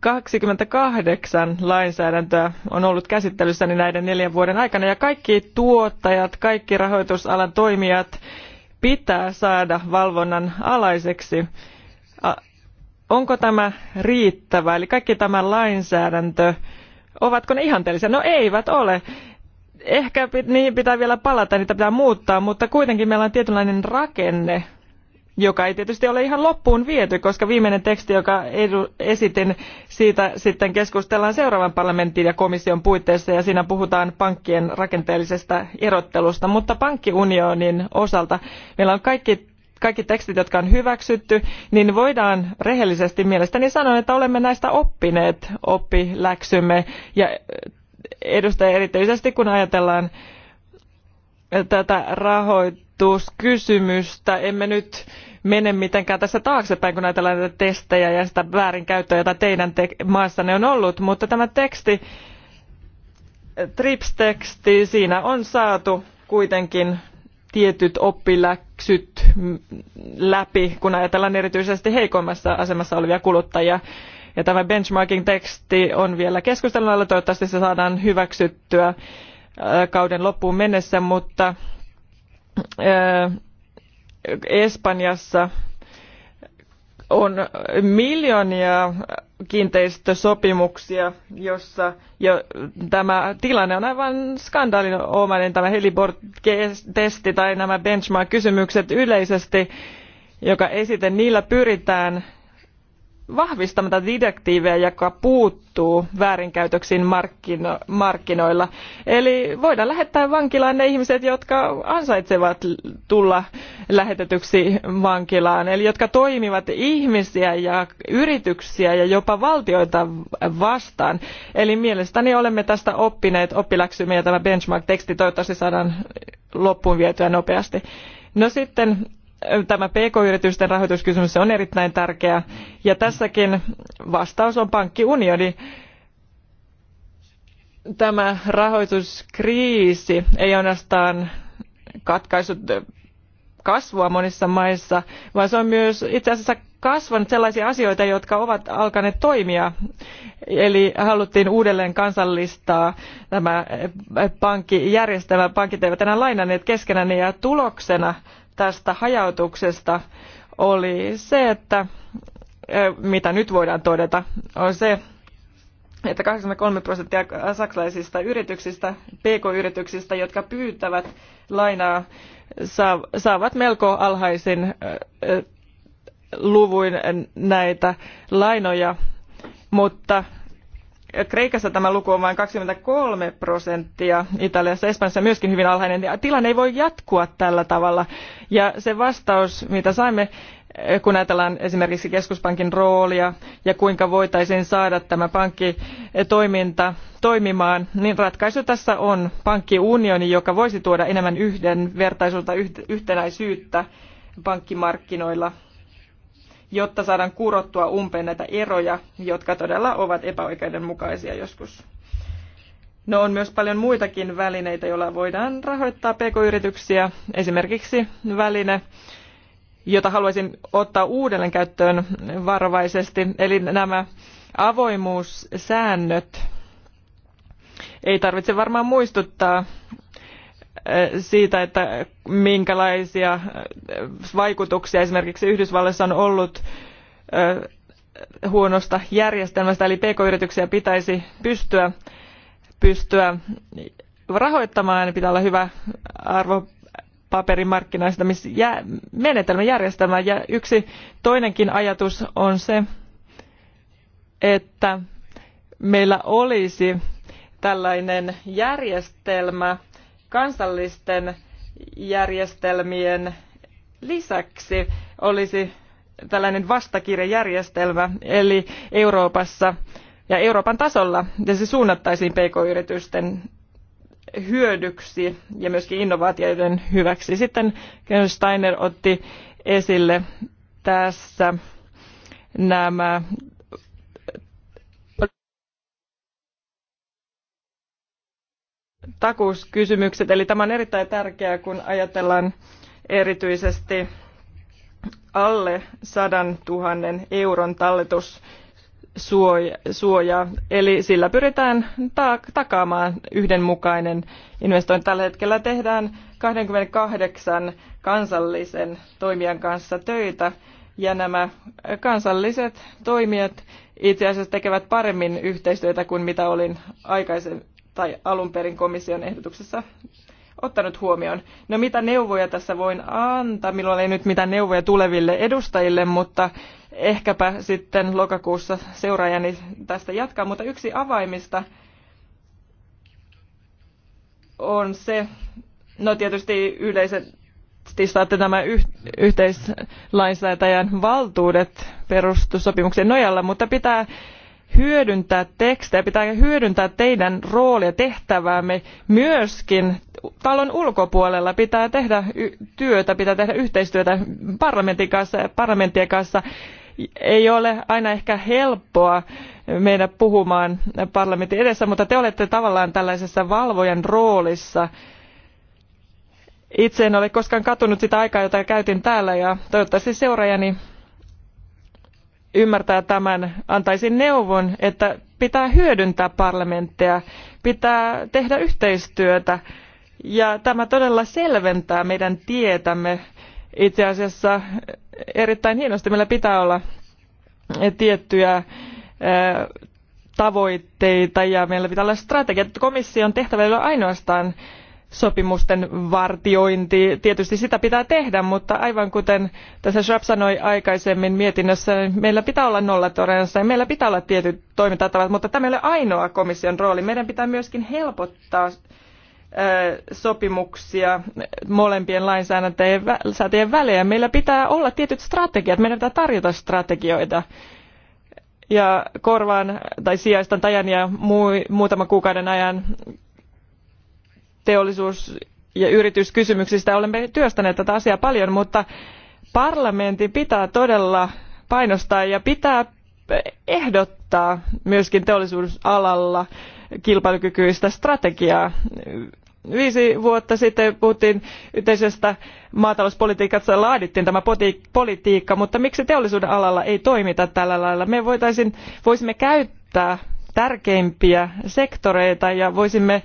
kaksikymmentäkahdeksan lainsäädäntöä on ollut käsittelyssäni niin näiden neljän vuoden aikana ja kaikki tuottajat kaikki rahoitusalan toimijat pitää saada valvonnan alaiseksi. onko tämä riittävä? eli kaikki tämä lainsäädäntö ovatko ne ihanteellisia? no eivät ole. ehkä niihin pitää vielä palata niitä pitää muuttaa mutta kuitenkin meillä on tietynlainen rakenne joka ei tietysti ole ihan loppuun viety, koska viimeinen teksti, joka edu, esitin, siitä sitten keskustellaan seuraavan parlamentin ja komission puitteissa ja siinä puhutaan pankkien rakenteellisesta erottelusta. Mutta pankkiunionin osalta meillä on kaikki, kaikki tekstit, jotka on hyväksytty, niin voidaan rehellisesti mielestäni sanoa, että olemme näistä oppineet oppiläksymme ja eh, edustaja erityisesti kun ajatellaan tätä rahoituskysymystä. Emme nyt mene mitenkään tässä taaksepäin, kun ajatellaan näitä testejä ja sitä väärinkäyttöä, jota teidän te- maassanne on ollut, mutta tämä teksti, TRIPS-teksti, siinä on saatu kuitenkin tietyt oppiläksyt läpi, kun ajatellaan erityisesti heikoimmassa asemassa olevia kuluttajia. Ja tämä benchmarking-teksti on vielä keskustelun alla, toivottavasti se saadaan hyväksyttyä Äh, kauden loppuun mennessä mutta äh, espanjassa on miljoonia kiinteistösopimuksia jossa jo tämä tilanne on aivan skandaalinomainen tämä helibor testi tai nämä benchmark kysymykset yleisesti joka esite niillä pyritään Vahvistamatta tätä direktiiviä, joka puuttuu väärinkäytöksiin markkino- markkinoilla. Eli voidaan lähettää vankilaan ne ihmiset, jotka ansaitsevat tulla lähetetyksi vankilaan, eli jotka toimivat ihmisiä ja yrityksiä ja jopa valtioita vastaan. Eli mielestäni olemme tästä oppineet oppiläksymme ja tämä benchmark-teksti toivottavasti saadaan loppuun vietyä nopeasti. No sitten tämä pk yritysten rahoituskysymys on erittäin tärkeä ja tässäkin vastaus on pankkiunioni. Tämä rahoituskriisi ei ainoastaan katkaissut kasvua monissa maissa, vaan se on myös itse asiassa kasvanut sellaisia asioita, jotka ovat alkaneet toimia. Eli haluttiin uudelleen kansallistaa tämä pankkijärjestelmä. Pankit eivät enää lainanneet keskenään ja tuloksena tästä hajautuksesta oli se, että mitä nyt voidaan todeta, on se, että 83 prosenttia saksalaisista yrityksistä, pk-yrityksistä, jotka pyytävät lainaa, saavat melko alhaisin luvuin näitä lainoja, mutta Kreikassa tämä luku on vain 23 prosenttia, Italiassa, Espanjassa myöskin hyvin alhainen. Tilanne ei voi jatkua tällä tavalla. Ja se vastaus, mitä saimme, eh, kun ajatellaan esimerkiksi keskuspankin roolia ja kuinka voitaisiin saada tämä pankkitoiminta toimimaan, niin ratkaisu tässä on pankkiunioni, joka voisi tuoda enemmän yhdenvertaisuutta, yhtenäisyyttä pankkimarkkinoilla – jotta saadaan kurottua umpeen näitä eroja, jotka todella ovat epäoikeudenmukaisia joskus. No on myös paljon muitakin välineitä, joilla voidaan rahoittaa pk-yrityksiä, esimerkiksi väline, jota haluaisin ottaa uudelleen käyttöön varovaisesti, eli nämä avoimuussäännöt. Ei tarvitse varmaan muistuttaa siitä, että minkälaisia vaikutuksia esimerkiksi Yhdysvalloissa on ollut huonosta järjestelmästä, eli pk-yrityksiä pitäisi pystyä, pystyä rahoittamaan, pitää olla hyvä arvo menetelmä järjestelmä. Ja yksi toinenkin ajatus on se, että meillä olisi tällainen järjestelmä, kansallisten järjestelmien lisäksi olisi tällainen vastakirjajärjestelmä, eli Euroopassa ja Euroopan tasolla, ja se suunnattaisiin pk-yritysten hyödyksi ja myöskin innovaatioiden hyväksi. Sitten Steiner otti esille tässä nämä takuuskysymykset. Eli tämä on erittäin tärkeää, kun ajatellaan erityisesti alle 100 000 euron talletussuojaa. Eli sillä pyritään ta- takaamaan yhdenmukainen investointi. Tällä hetkellä tehdään 28 kansallisen toimijan kanssa töitä ja nämä kansalliset toimijat itse asiassa tekevät paremmin yhteistyötä kuin mitä olin aikaisemmin tai alun perin komission ehdotuksessa ottanut huomioon. No mitä neuvoja tässä voin antaa? Minulla ei nyt mitään neuvoja tuleville edustajille, mutta ehkäpä sitten lokakuussa seuraajani tästä jatkaa. Mutta yksi avaimista on se, no tietysti yleisesti saatte nämä yhteislainsäätäjän valtuudet perustussopimuksien nojalla, mutta pitää hyödyntää tekstejä, pitää hyödyntää teidän roolia, tehtäväämme myöskin talon ulkopuolella. Pitää tehdä työtä, pitää tehdä yhteistyötä parlamentin kanssa ja parlamenttien kanssa. Ei ole aina ehkä helppoa meidän puhumaan parlamentin edessä, mutta te olette tavallaan tällaisessa valvojan roolissa. Itse en ole koskaan katunut sitä aikaa, jota käytin täällä ja toivottavasti seuraajani ymmärtää tämän, antaisin neuvon, että pitää hyödyntää parlamentteja, pitää tehdä yhteistyötä ja tämä todella selventää meidän tietämme. Itse asiassa erittäin hienosti meillä pitää olla tiettyjä tavoitteita ja meillä pitää olla strategia. Komission tehtävä ei ole ainoastaan sopimusten vartiointi. Tietysti sitä pitää tehdä, mutta aivan kuten tässä Schwab sanoi aikaisemmin mietinnössä, niin meillä pitää olla nollatoleranssi ja meillä pitää olla tietyt toimintatavat, mutta tämä ei ole ainoa komission rooli. Meidän pitää myöskin helpottaa sopimuksia molempien lainsäätäjien välejä. Meillä pitää olla tietyt strategiat, meidän pitää tarjota strategioita. Ja korvaan tai sijaistan Tajan ja muutama kuukauden ajan teollisuus ja yrityskysymyksistä olemme työstäneet tätä asiaa paljon mutta parlamentin pitää todella painostaa ja pitää ehdottaa myös teollisuusalalla kilpailukykyistä strategiaa. viisi vuotta sitten puhuttiin yhteisestä maatalouspolitiikasta laadittiin tämä politiikka mutta miksi teollisuuden alalla ei toimita tällä lailla? me voisimme käyttää tärkeimpiä sektoreita ja voisimme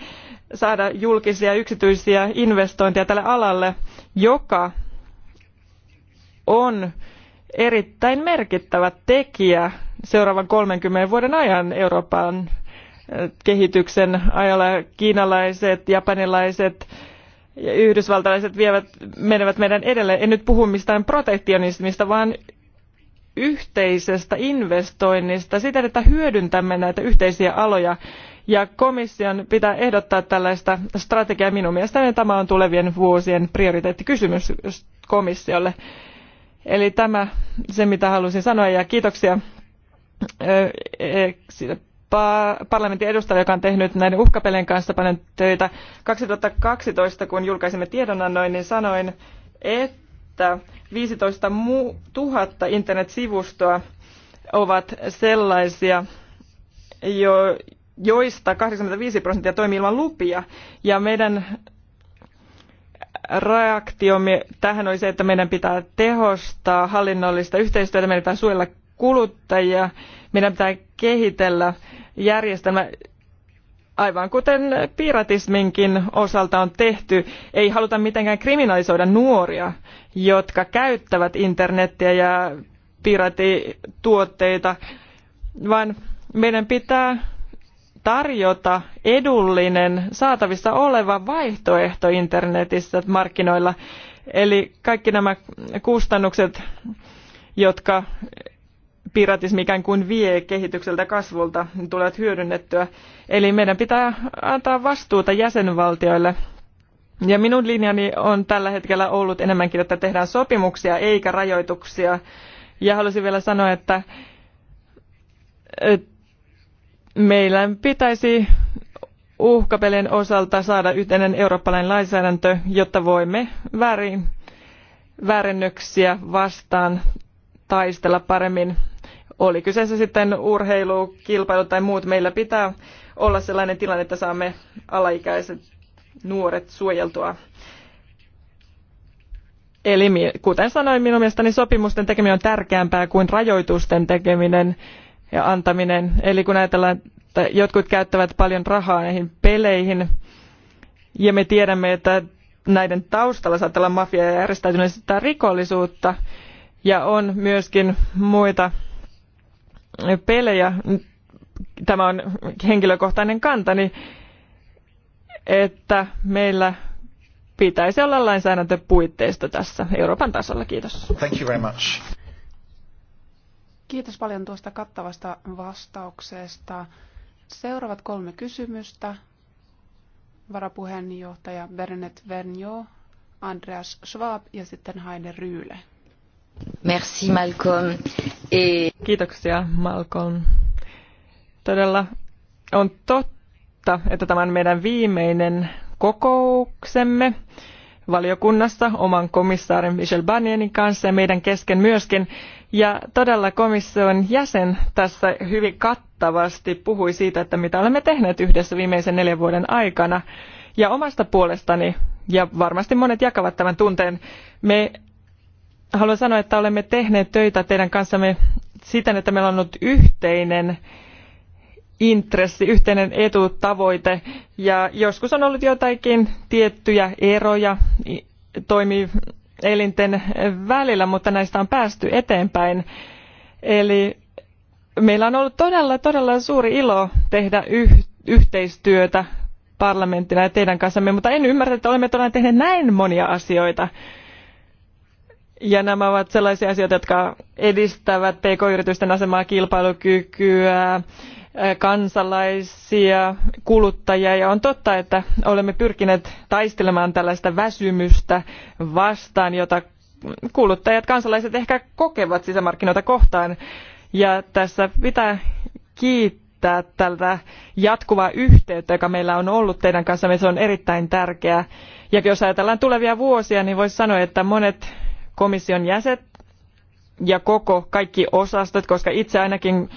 saada julkisia yksityisiä investointeja tälle alalle, joka on erittäin merkittävä tekijä seuraavan kolmekymmentä vuoden ajan Euroopan eh, kehityksen ajalla. Kiinalaiset, japanilaiset ja yhdysvaltalaiset vievät, menevät meidän edelle. En nyt puhu mistään protektionismista, vaan yhteisestä investoinnista, Sitä, että hyödyntämme näitä yhteisiä aloja ja komission pitää ehdottaa tällaista strategiaa. minun mielestäni tämä on tulevien vuosien prioriteettikysymys komissiolle. eli tämä se mitä halusin sanoa ja kiitoksia e, parlamentin edustajalle joka on tehnyt näiden uhkapelien kanssa paljon töitä. kaksituhatta kaksitoista kun julkaisimme tiedonannon niin sanoin että viisitoista tuhatta internetsivustoa ovat sellaisia jo, joista 85 prosenttia toimii ilman lupia. Ja meidän reaktiomme tähän oli se, että meidän pitää tehostaa hallinnollista yhteistyötä, meidän pitää suojella kuluttajia, meidän pitää kehitellä järjestelmä aivan kuten piratisminkin osalta on tehty, ei haluta mitenkään kriminalisoida nuoria, jotka käyttävät internettiä ja piratituotteita, vaan meidän pitää tarjota edullinen saatavissa oleva vaihtoehto internetissä markkinoilla. Eli kaikki nämä kustannukset, jotka piratismi ikään kuin vie kehitykseltä kasvulta, tulevat hyödynnettyä. Eli meidän pitää antaa vastuuta jäsenvaltioille. Ja minun linjani on tällä hetkellä ollut enemmänkin, että tehdään sopimuksia eikä rajoituksia. Ja haluaisin vielä sanoa, että, että meillä pitäisi uhkapelien osalta saada yhteinen eurooppalainen lainsäädäntö jotta voimme väärin, väärennöksiä vastaan taistella paremmin oli kyseessä sitten urheilu kilpailu tai muut meillä pitää olla sellainen tilanne että saamme alaikäiset nuoret suojeltua. Eli kuten sanoin, minun mielestäni sopimusten tekeminen on tärkeämpää kuin rajoitusten tekeminen ja antaminen. Eli kun ajatellaan, että jotkut käyttävät paljon rahaa näihin peleihin ja me tiedämme, että näiden taustalla saattaa olla mafia ja järjestäytyneistä rikollisuutta ja on myöskin muita pelejä. Tämä on henkilökohtainen kantani, että meillä pitäisi olla lainsäädäntöpuitteista tässä Euroopan tasolla. Kiitos. Thank you very much. Kiitos paljon tuosta kattavasta vastauksesta. Seuraavat kolme kysymystä. Varapuheenjohtaja Bernet Vernio, Andreas Schwab ja sitten Heine Ryyle. Merci Malcolm. Et... Kiitoksia Malcolm. Todella on totta, että tämä on meidän viimeinen kokouksemme valiokunnassa oman komissaarin Michel Barnierin kanssa ja meidän kesken myöskin. Ja todella komission jäsen tässä hyvin kattavasti puhui siitä, että mitä olemme tehneet yhdessä viimeisen neljän vuoden aikana. Ja omasta puolestani, ja varmasti monet jakavat tämän tunteen, me haluan sanoa, että olemme tehneet töitä teidän kanssamme siten, että meillä on ollut yhteinen intressi, yhteinen tavoite ja joskus on ollut jotakin tiettyjä eroja toimi, elinten välillä, mutta näistä on päästy eteenpäin. Eli meillä on ollut todella, todella suuri ilo tehdä yh- yhteistyötä parlamenttina ja teidän kanssamme, mutta en ymmärrä, että olemme todella tehneet näin monia asioita. Ja nämä ovat sellaisia asioita, jotka edistävät pk-yritysten asemaa, kilpailukykyä, eh, kansalaisia, kuluttajia. Ja on totta, että olemme pyrkineet taistelemaan tällaista väsymystä vastaan, jota kuluttajat, kansalaiset ehkä kokevat sisämarkkinoita kohtaan. Ja tässä pitää kiittää tältä jatkuvaa yhteyttä, joka meillä on ollut teidän kanssamme. Se on erittäin tärkeää. Ja jos ajatellaan tulevia vuosia, niin voisi sanoa, että monet komission jäsenet ja koko kaikki osastot, koska itse ainakin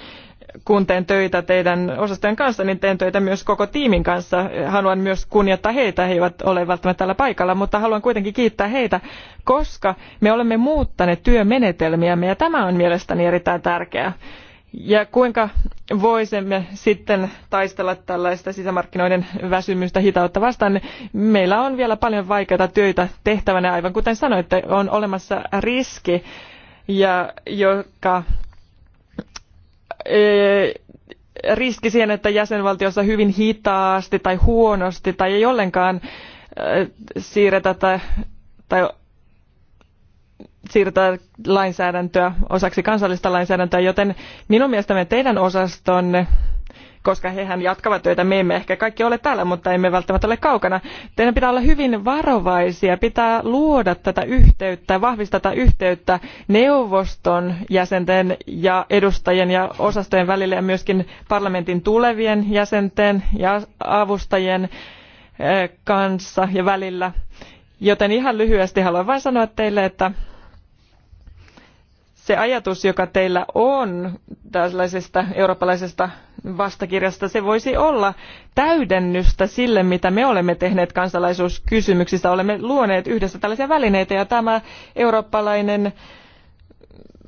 kun teen töitä teidän osastojen kanssa, niin teen töitä myös koko tiimin kanssa. Haluan myös kunnioittaa heitä, he eivät ole välttämättä täällä paikalla, mutta haluan kuitenkin kiittää heitä, koska me olemme muuttaneet työmenetelmiämme ja tämä on mielestäni erittäin tärkeää ja kuinka voisimme sitten taistella tällaista sisämarkkinoiden väsymystä hitautta vastaan. Meillä on vielä paljon vaikeita töitä tehtävänä, aivan kuten sanoitte, on olemassa riski, ja joka e, riski siihen, että jäsenvaltiossa hyvin hitaasti tai huonosti tai ei ollenkaan e, siirretä tai, tai siirtää lainsäädäntöä osaksi kansallista lainsäädäntöä, joten minun mielestäni teidän osastonne, koska hehän jatkavat työtä, me emme ehkä kaikki ole täällä, mutta emme välttämättä ole kaukana. Teidän pitää olla hyvin varovaisia, pitää luoda tätä yhteyttä, vahvistaa tätä yhteyttä neuvoston jäsenten ja edustajien ja osastojen välillä ja myöskin parlamentin tulevien jäsenten ja avustajien eh, kanssa ja välillä. Joten ihan lyhyesti haluan vain sanoa teille, että se ajatus, joka teillä on tällaisesta eurooppalaisesta vastakirjasta, se voisi olla täydennystä sille, mitä me olemme tehneet kansalaisuuskysymyksissä. Olemme luoneet yhdessä tällaisia välineitä ja tämä eurooppalainen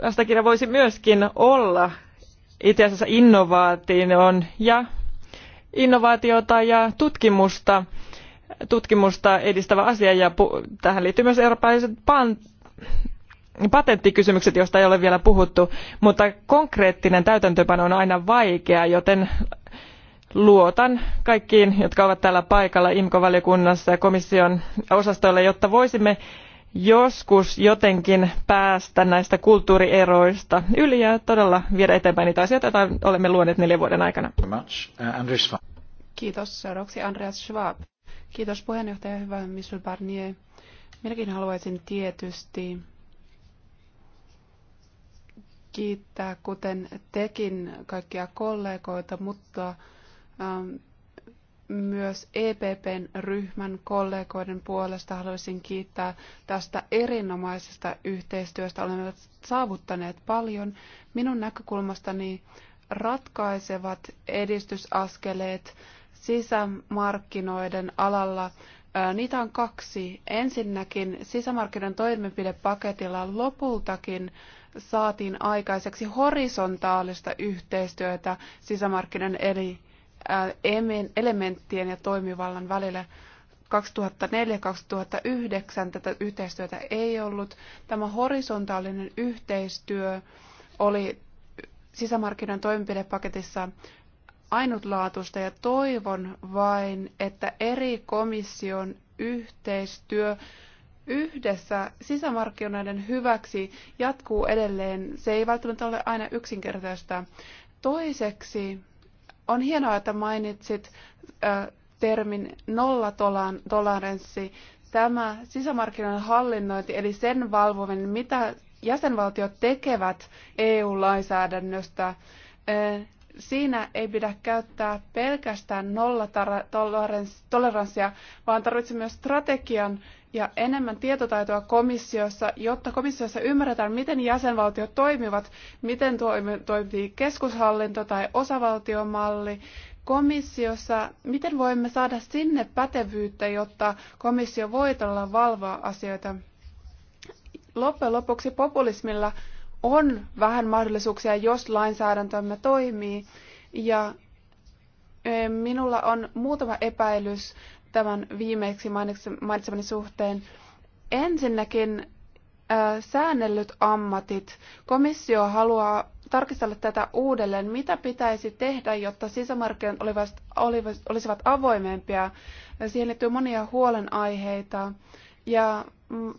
vastakirja voisi myöskin olla itse asiassa innovaation ja innovaatiota ja tutkimusta, tutkimusta edistävä asia ja tähän liittyy myös eurooppalaiset pan- patenttikysymykset joista ei ole vielä puhuttu mutta konkreettinen täytäntöönpano on aina vaikeaa joten luotan kaikkiin jotka ovat täällä paikalla imco valiokunnassa ja komission osastoilla jotta voisimme joskus jotenkin päästä näistä kulttuurieroista yli ja todella viedä eteenpäin niitä asioita joita olemme luoneet neljän vuoden aikana. Kiitos. Seuraavaksi Andreas Schwab. Kiitos puheenjohtaja. Hyvä Michel Barnier. Minäkin haluaisin tietysti kiittää, kuten tekin, kaikkia kollegoita, mutta ähm, myös EPPn ryhmän kollegoiden puolesta haluaisin kiittää tästä erinomaisesta yhteistyöstä. Olemme saavuttaneet paljon. Minun näkökulmastani ratkaisevat edistysaskeleet sisämarkkinoiden alalla. Äh, niitä on kaksi. Ensinnäkin sisämarkkinoiden toimenpidepaketilla lopultakin saatiin aikaiseksi horisontaalista yhteistyötä sisämarkkinoiden eri elementtien ja toimivallan välillä. 2004-2009 tätä yhteistyötä ei ollut. Tämä horisontaalinen yhteistyö oli sisämarkkinoiden toimenpidepaketissa ainutlaatuista ja toivon vain, että eri komission yhteistyö yhdessä sisämarkkinoiden hyväksi jatkuu edelleen. Se ei välttämättä ole aina yksinkertaista. Toiseksi on hienoa, että mainitsit äh, termin nollatoleranssi. Tämä sisämarkkinoiden hallinnointi, eli sen valvominen, mitä jäsenvaltiot tekevät EU-lainsäädännöstä, siinä ei pidä käyttää pelkästään nollatoleranssia, vaan tarvitsemme myös strategian, ja enemmän tietotaitoa komissiossa, jotta komissiossa ymmärretään, miten jäsenvaltiot toimivat, miten toimii keskushallinto tai osavaltiomalli, komissiossa, miten voimme saada sinne pätevyyttä, jotta komissio voi todella valvoa asioita. Loppujen lopuksi populismilla on vähän mahdollisuuksia, jos lainsäädäntömme toimii. Ja eh, minulla on muutama epäilys tämän viimeiksi mainitsemani suhteen. Ensinnäkin säännellyt ammatit. Komissio haluaa tarkistella tätä uudelleen. Mitä pitäisi tehdä, jotta sisämarkkinat olisivat avoimempia? Siihen liittyy monia huolenaiheita ja mm,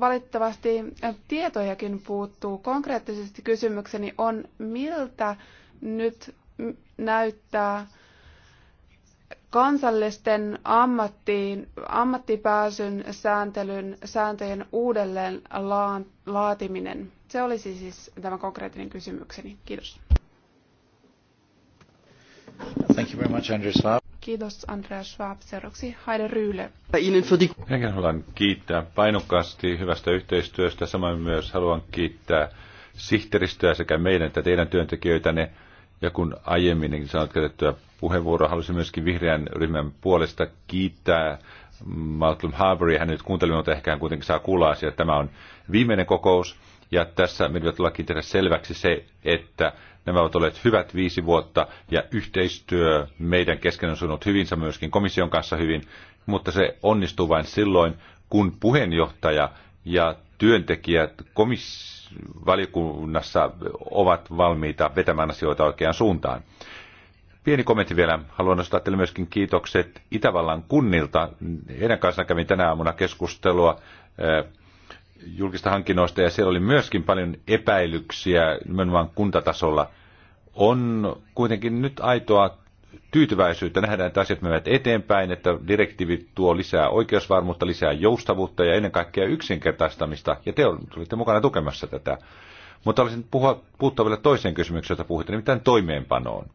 valitettavasti tietojakin puuttuu. Konkreettisesti kysymykseni on, miltä nyt näyttää kansallisten ammattiin, ammattipääsyn sääntelyn, sääntöjen uudelleen laatiminen. Se olisi siis tämä konkreettinen kysymykseni. Kiitos. Thank you very much, Andrew Schwab. Kiitos Andreas Schwab. Seuraavaksi Heide Ryyle. Minäkin haluan kiittää painokkaasti hyvästä yhteistyöstä. Samoin myös haluan kiittää sihteeristöä sekä meidän että teidän työntekijöitänne. Ja kun aiemmin niin sanot käytettyä puheenvuoro. Haluaisin myöskin vihreän ryhmän puolesta kiittää Malcolm Harbury. Hän nyt kuunteli, mutta ehkä hän kuitenkin saa kuulla asia. Tämä on viimeinen kokous. Ja tässä meidän pitää tullakin tehdä selväksi se, että nämä ovat olleet hyvät viisi vuotta ja yhteistyö meidän kesken on hyvin hyvinsä myöskin komission kanssa hyvin, mutta se onnistuu vain silloin, kun puheenjohtaja ja työntekijät komis- ovat valmiita vetämään asioita oikeaan suuntaan. Pieni kommentti vielä. Haluan nostaa teille myöskin kiitokset Itävallan kunnilta. Heidän kanssaan kävin tänä aamuna keskustelua eh, julkista hankinnoista ja siellä oli myöskin paljon epäilyksiä nimenomaan kuntatasolla. On kuitenkin nyt aitoa tyytyväisyyttä nähdään, että asiat menevät eteenpäin, että direktiivi tuo lisää oikeusvarmuutta, lisää joustavuutta ja ennen kaikkea yksinkertaistamista, ja te olitte mukana tukemassa tätä. Mutta olisin puhua, puuttua vielä toiseen kysymykseen, jota puhuitte, nimittäin toimeenpanoon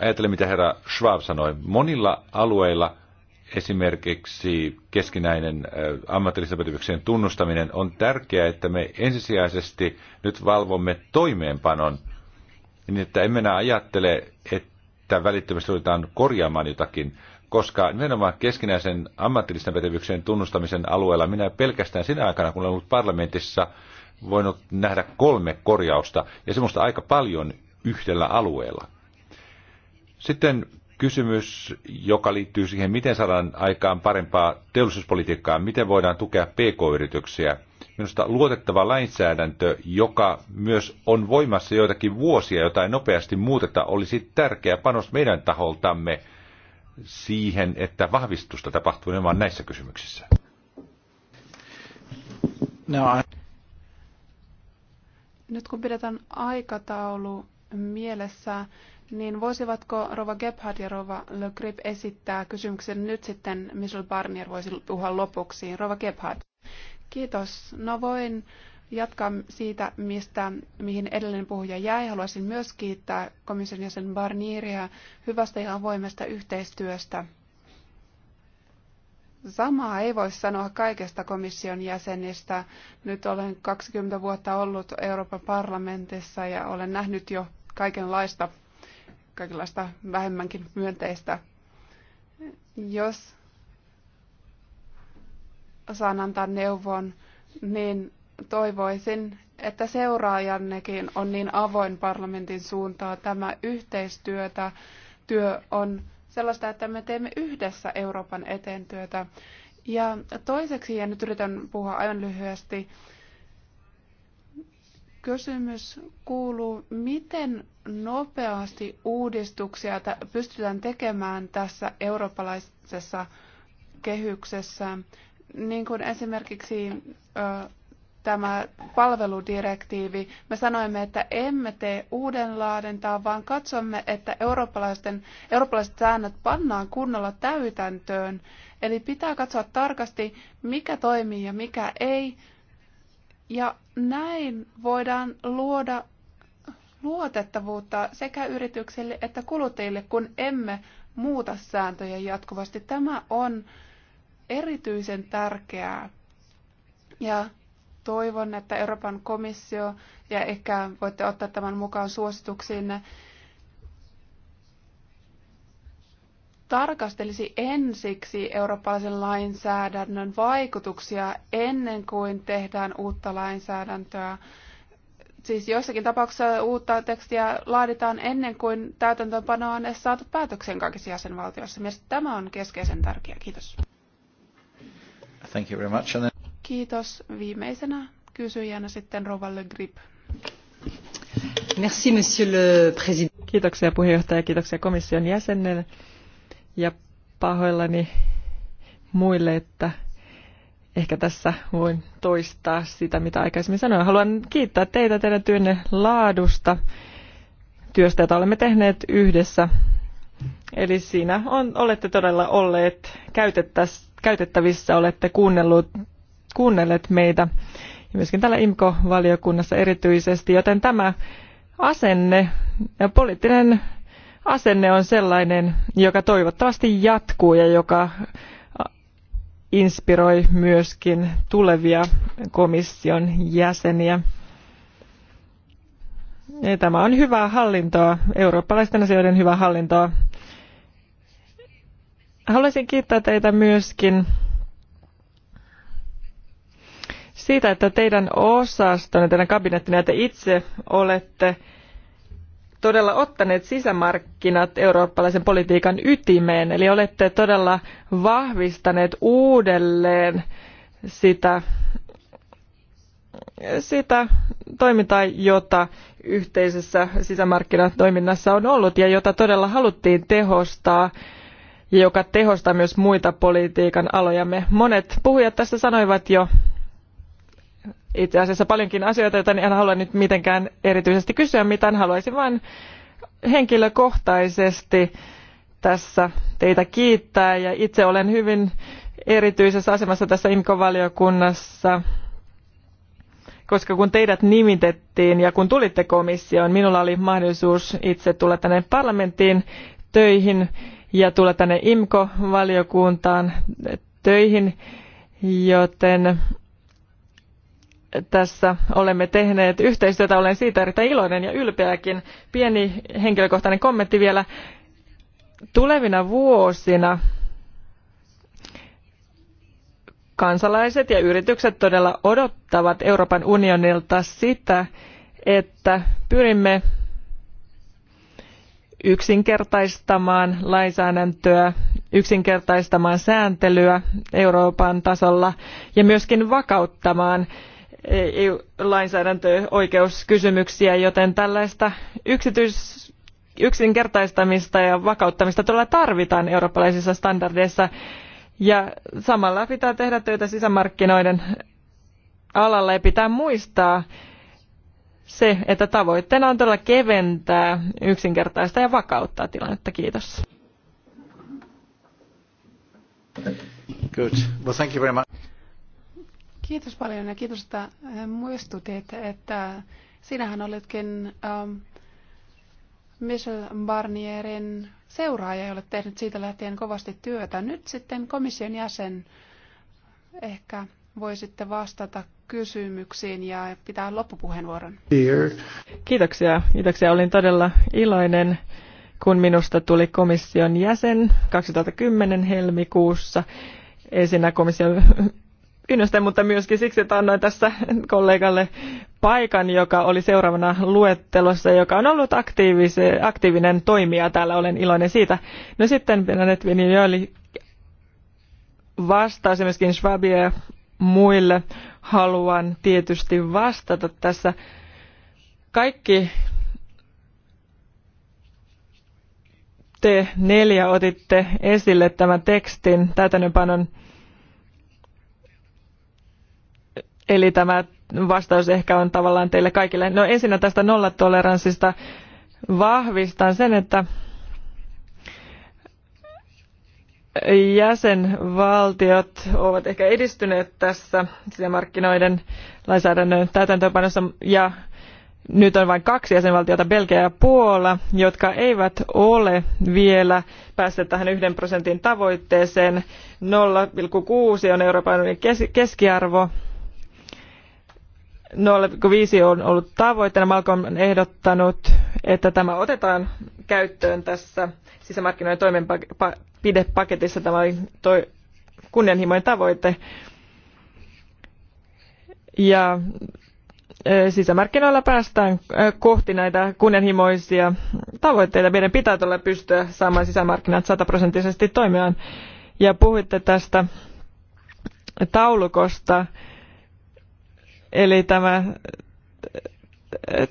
ajattele, mitä herra Schwab sanoi. Monilla alueilla esimerkiksi keskinäinen ammatillisen tunnustaminen on tärkeää, että me ensisijaisesti nyt valvomme toimeenpanon, niin että emme enää ajattele, että välittömästi ruvetaan korjaamaan jotakin, koska nimenomaan keskinäisen ammatillisten pätevyyksien tunnustamisen alueella minä pelkästään sinä aikana, kun olen ollut parlamentissa, voinut nähdä kolme korjausta, ja semmoista aika paljon yhdellä alueella. Sitten kysymys, joka liittyy siihen, miten saadaan aikaan parempaa teollisuuspolitiikkaa, miten voidaan tukea pk-yrityksiä. Minusta luotettava lainsäädäntö, joka myös on voimassa joitakin vuosia, jota ei nopeasti muuteta, olisi tärkeä panos meidän taholtamme siihen, että vahvistusta tapahtuu nimenomaan näissä kysymyksissä. No, Nyt kun pidetään aikataulu mielessä, niin voisivatko Rova Gebhardt ja Rova Le Grip esittää kysymyksen nyt sitten Michel Barnier voisi puhua lopuksi. Rova Gebhardt. Kiitos. No voin jatkaa siitä, mistä, mihin edellinen puhuja jäi. Haluaisin myös kiittää komission jäsen Barnieria hyvästä ja avoimesta yhteistyöstä. Samaa ei voi sanoa kaikesta komission jäsenistä. Nyt olen 20 vuotta ollut Euroopan parlamentissa ja olen nähnyt jo kaikenlaista kaikenlaista vähemmänkin myönteistä. Jos saan antaa neuvon, niin toivoisin, että seuraajannekin on niin avoin parlamentin suuntaa Tämä yhteistyötä työ on sellaista, että me teemme yhdessä Euroopan eteen työtä. Ja toiseksi, ja nyt yritän puhua aivan lyhyesti, Kysymys kuuluu, miten nopeasti uudistuksia pystytään tekemään tässä eurooppalaisessa kehyksessä, niin kuin esimerkiksi tämä palveludirektiivi. Me sanoimme, että emme tee uuden vaan katsomme, että eurooppalaisten, eurooppalaiset säännöt pannaan kunnolla täytäntöön. Eli pitää katsoa tarkasti, mikä toimii ja mikä ei, ja näin voidaan luoda luotettavuutta sekä yrityksille että kuluttajille, kun emme muuta sääntöjä jatkuvasti. Tämä on erityisen tärkeää. Ja toivon, että Euroopan komissio, ja ehkä voitte ottaa tämän mukaan suosituksiinne, tarkastelisi ensiksi eurooppalaisen lainsäädännön vaikutuksia ennen kuin tehdään uutta lainsäädäntöä. Siis joissakin tapauksissa uutta tekstiä laaditaan ennen kuin täytäntöönpanoa on edes saatu päätöksen kaikissa jäsenvaltioissa. Mielestäni tämä on keskeisen tärkeä. Kiitos. Thank you very much. And then... Kiitos. Viimeisenä kysyjänä sitten Rova Le Grip. Merci, monsieur le président. Kiitoksia puheenjohtaja, kiitoksia komission jäsenelle ja pahoillani muille, että ehkä tässä voin toistaa sitä, mitä aikaisemmin sanoin. Haluan kiittää teitä teidän työnne laadusta, työstä, jota olemme tehneet yhdessä. Eli siinä on, olette todella olleet käytettävissä, olette kuunnellut, kuunnelleet meitä ja myöskin täällä IMKO-valiokunnassa erityisesti, joten tämä asenne ja poliittinen asenne on sellainen, joka toivottavasti jatkuu ja joka inspiroi myöskin tulevia komission jäseniä. tämä on hyvää hallintoa, eurooppalaisten asioiden hyvää hallintoa. Haluaisin kiittää teitä myöskin siitä, että teidän osastonne, teidän kabinettinne, että itse olette todella ottaneet sisämarkkinat eurooppalaisen politiikan ytimeen, eli olette todella vahvistaneet uudelleen sitä, sitä toimintaa, jota yhteisessä sisämarkkinatoiminnassa on ollut ja jota todella haluttiin tehostaa ja joka tehostaa myös muita politiikan alojamme. Monet puhujat tässä sanoivat jo itse asiassa paljonkin asioita, joita en halua nyt mitenkään erityisesti kysyä mitään. Haluaisin vain henkilökohtaisesti tässä teitä kiittää ja itse olen hyvin erityisessä asemassa tässä imco valiokunnassa koska kun teidät nimitettiin ja kun tulitte komissioon, minulla oli mahdollisuus itse tulla tänne parlamenttiin töihin ja tulla tänne imco valiokuntaan töihin, joten tässä olemme tehneet yhteistyötä. Olen siitä erittäin iloinen ja ylpeäkin. Pieni henkilökohtainen kommentti vielä. Tulevina vuosina kansalaiset ja yritykset todella odottavat Euroopan unionilta sitä, että pyrimme yksinkertaistamaan lainsäädäntöä, yksinkertaistamaan sääntelyä Euroopan tasolla ja myöskin vakauttamaan E oikeuskysymyksiä joten tällaista yksinkertaistamista ja vakauttamista todella tarvitaan eurooppalaisissa standardeissa ja samalla pitää tehdä töitä sisämarkkinoiden alalla ja pitää muistaa se, että tavoitteena on todella keventää, yksinkertaista ja vakauttaa tilannetta. Kiitos. Good. Well, thank you very much. Kiitos paljon ja kiitos, että eh, muistutit, että sinähän oletkin um, Michel Barnierin seuraaja, jolle tehnyt siitä lähtien kovasti työtä. Nyt sitten komission jäsen ehkä voisitte vastata kysymyksiin ja pitää loppupuheenvuoron. Kiitoksia. Kiitoksia. Olin todella iloinen, kun minusta tuli komission jäsen 2010 helmikuussa. Ensinnä komission pyynnöstä, mutta myöskin siksi, että annoin tässä kollegalle paikan, joka oli seuraavana luettelossa, joka on ollut aktiivinen toimija. Täällä olen iloinen siitä. No sitten Benanet Jöli vastasi myöskin Schwabia ja muille. Haluan tietysti vastata tässä. Kaikki te neljä otitte esille tämän tekstin täytännönpanon panon Eli tämä vastaus ehkä on tavallaan teille kaikille. No ensin tästä nollatoleranssista vahvistan sen, että jäsenvaltiot ovat ehkä edistyneet tässä sisämarkkinoiden lainsäädännön täytäntöönpanossa ja nyt on vain kaksi jäsenvaltiota, Belgia ja Puola, jotka eivät ole vielä päässeet tähän yhden prosentin tavoitteeseen. 0,6 on Euroopan unionin keskiarvo viisi on ollut tavoitteena. Malcolm on ehdottanut, että tämä otetaan käyttöön tässä sisämarkkinoiden toimenpidepaketissa. Tämä oli toi kunnianhimoinen tavoite. Ja e, sisämarkkinoilla päästään e, kohti näitä kunnianhimoisia tavoitteita. Meidän pitää tulla pystyä saamaan sisämarkkinat sataprosenttisesti toimimaan. Ja puhuitte tästä taulukosta. Eli tämä äh,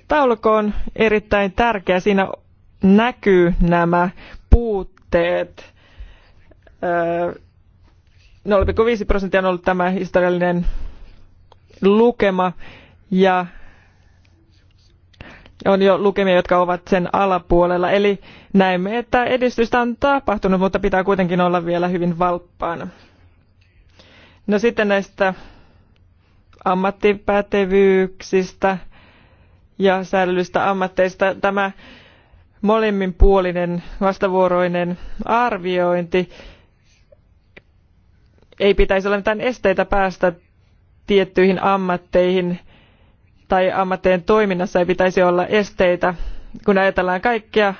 taulukko on erittäin tärkeä. Siinä näkyy nämä puutteet. 0,5 äh, prosenttia on ollut tämä historiallinen lukema ja on jo lukemia, jotka ovat sen alapuolella. Eli näemme, että edistystä on tapahtunut, mutta pitää kuitenkin olla vielä hyvin valppaana. No sitten näistä ammattipätevyyksistä ja säädellyistä ammatteista. Tämä molemminpuolinen vastavuoroinen arviointi ei pitäisi olla mitään esteitä päästä tiettyihin ammatteihin tai ammattien toiminnassa ei pitäisi olla esteitä, kun ajatellaan kaikkia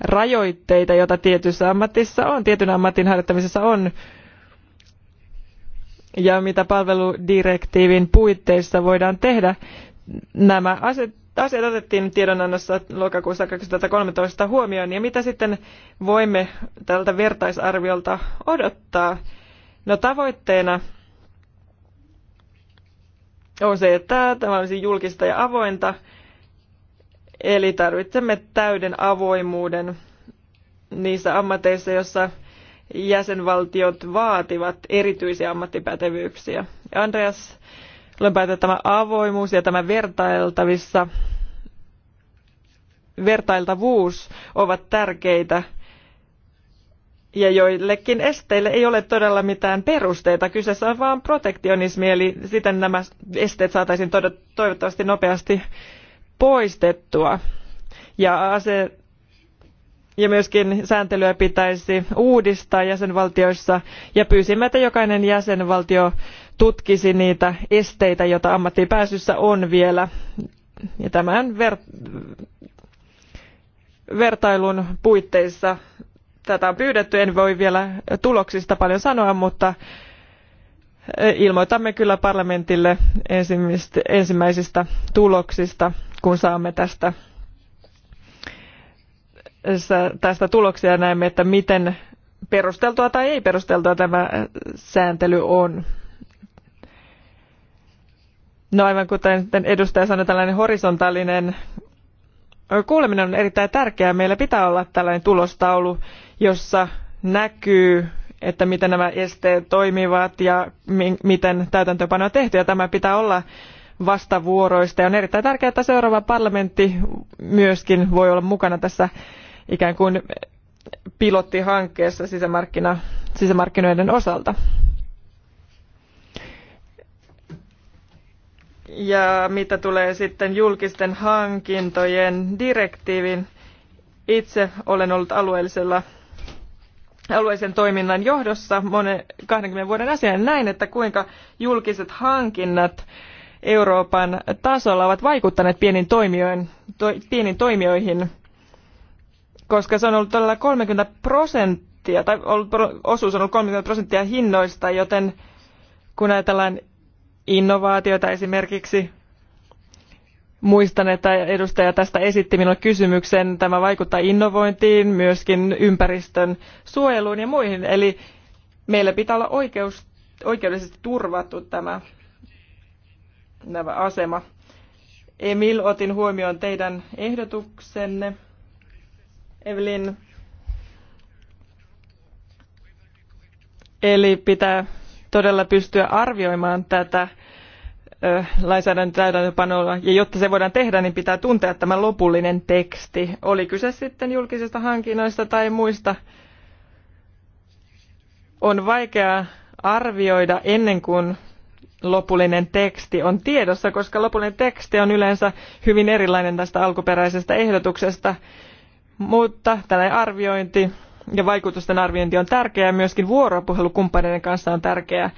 rajoitteita, joita tietyssä ammatissa on, tietyn ammatin harjoittamisessa on ja mitä palveludirektiivin puitteissa voidaan tehdä. Nämä asiat otettiin tiedonannossa lokakuussa 2013 huomioon ja mitä sitten voimme tältä vertaisarviolta odottaa? No tavoitteena on se, että tämä olisi julkista ja avointa, eli tarvitsemme täyden avoimuuden niissä ammateissa, joissa jäsenvaltiot vaativat erityisiä ammattipätevyyksiä. Andreas Löpäitä tämä avoimuus ja tämä vertailtavissa vertailtavuus ovat tärkeitä ja joillekin esteille ei ole todella mitään perusteita. Kyseessä on vain protektionismi, eli siten nämä esteet saataisiin toivottavasti nopeasti poistettua. Ja ase- ja myöskin sääntelyä pitäisi uudistaa jäsenvaltioissa ja pyysimme että jokainen jäsenvaltio tutkisi niitä esteitä joita ammattiin pääsyssä on vielä ja tämän vertailun puitteissa tätä on pyydetty en voi vielä tuloksista paljon sanoa mutta e, ilmoitamme kyllä parlamentille ensimmäisistä tuloksista kun saamme tästä tästä tuloksia ja näemme, että miten perusteltua tai ei perusteltua tämä äh, sääntely on. No aivan kuten edustaja sanoi, tällainen horisontaalinen kuuleminen on erittäin tärkeää. Meillä pitää olla tällainen tulostaulu, jossa näkyy, että miten nämä esteet toimivat ja mi- miten täytäntöpano on tehty. Ja tämä pitää olla vastavuoroista. Ja on erittäin tärkeää, että seuraava parlamentti myöskin voi olla mukana tässä ikään kuin pilottihankkeessa sisämarkkina, sisämarkkinoiden osalta. Ja mitä tulee sitten julkisten hankintojen direktiivin, itse olen ollut alueellisella alueellisen toiminnan johdossa monen 20 vuoden asian näin, että kuinka julkiset hankinnat Euroopan tasolla ovat vaikuttaneet pieniin, toimijoihin, to, pieniin toimijoihin koska se on ollut tällä 30 prosenttia, tai ollut, osuus on ollut 30 prosenttia hinnoista, joten kun ajatellaan innovaatioita esimerkiksi, muistan, että edustaja tästä esitti minulle kysymyksen, tämä vaikuttaa innovointiin, myöskin ympäristön suojeluun ja muihin, eli meillä pitää olla oikeus, oikeudellisesti turvattu tämä, tämä asema. Emil, otin huomioon teidän ehdotuksenne. Evelyn. Eli pitää todella pystyä arvioimaan tätä lainsäädännön täytäntöönpanolla ja jotta se voidaan tehdä niin pitää tuntea tämä lopullinen teksti oli kyse sitten julkisista hankinnoista tai muista on vaikea arvioida ennen kuin lopullinen teksti on tiedossa koska lopullinen teksti on yleensä hyvin erilainen tästä alkuperäisestä ehdotuksesta mutta tällainen arviointi ja vaikutusten arviointi on tärkeää ja myöskin vuoropuhelu kumppaneiden kanssa on tärkeää.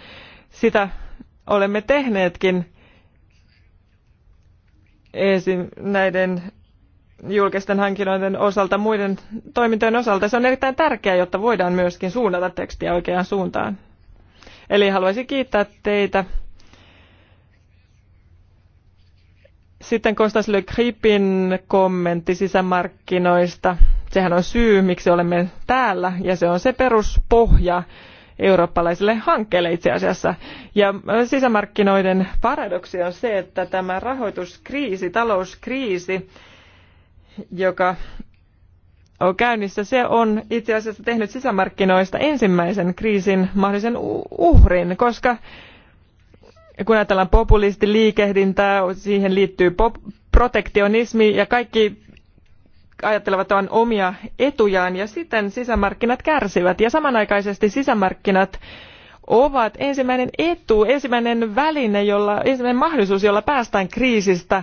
Sitä olemme tehneetkin esim. näiden julkisten hankinnoiden osalta, muiden toimintojen osalta. Se on erittäin tärkeää, jotta voidaan myöskin suunnata tekstiä oikeaan suuntaan. Eli haluaisin kiittää teitä Sitten Kostas Le Gripin kommentti sisämarkkinoista. Sehän on syy, miksi olemme täällä, ja se on se peruspohja eurooppalaisille hankkeille itse asiassa. Ja sisämarkkinoiden paradoksi on se, että tämä rahoituskriisi, talouskriisi, joka on käynnissä, se on itse asiassa tehnyt sisämarkkinoista ensimmäisen kriisin mahdollisen uhrin, koska kun ajatellaan populistiliikehdintää siihen liittyy protektionismi ja kaikki ajattelevat vain omia etujaan ja siten sisämarkkinat kärsivät ja samanaikaisesti sisämarkkinat ovat ensimmäinen etu ensimmäinen väline jolla ensimmäinen mahdollisuus jolla päästään kriisistä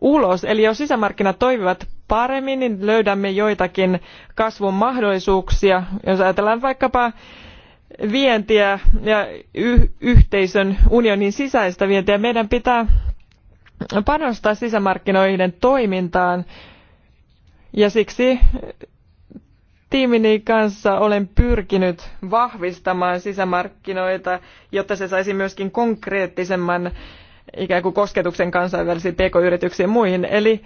ulos eli jos sisämarkkinat toimivat paremmin niin löydämme joitakin kasvun mahdollisuuksia jos ajatellaan vaikkapa vientiä ja yhteisön unionin sisäistä vientiä. Meidän pitää panostaa sisämarkkinoiden toimintaan ja siksi tiimini kanssa olen pyrkinyt vahvistamaan sisämarkkinoita, jotta se saisi myöskin konkreettisemman ikään kuin kosketuksen kansainvälisiin pk-yrityksiin ja muihin. Eli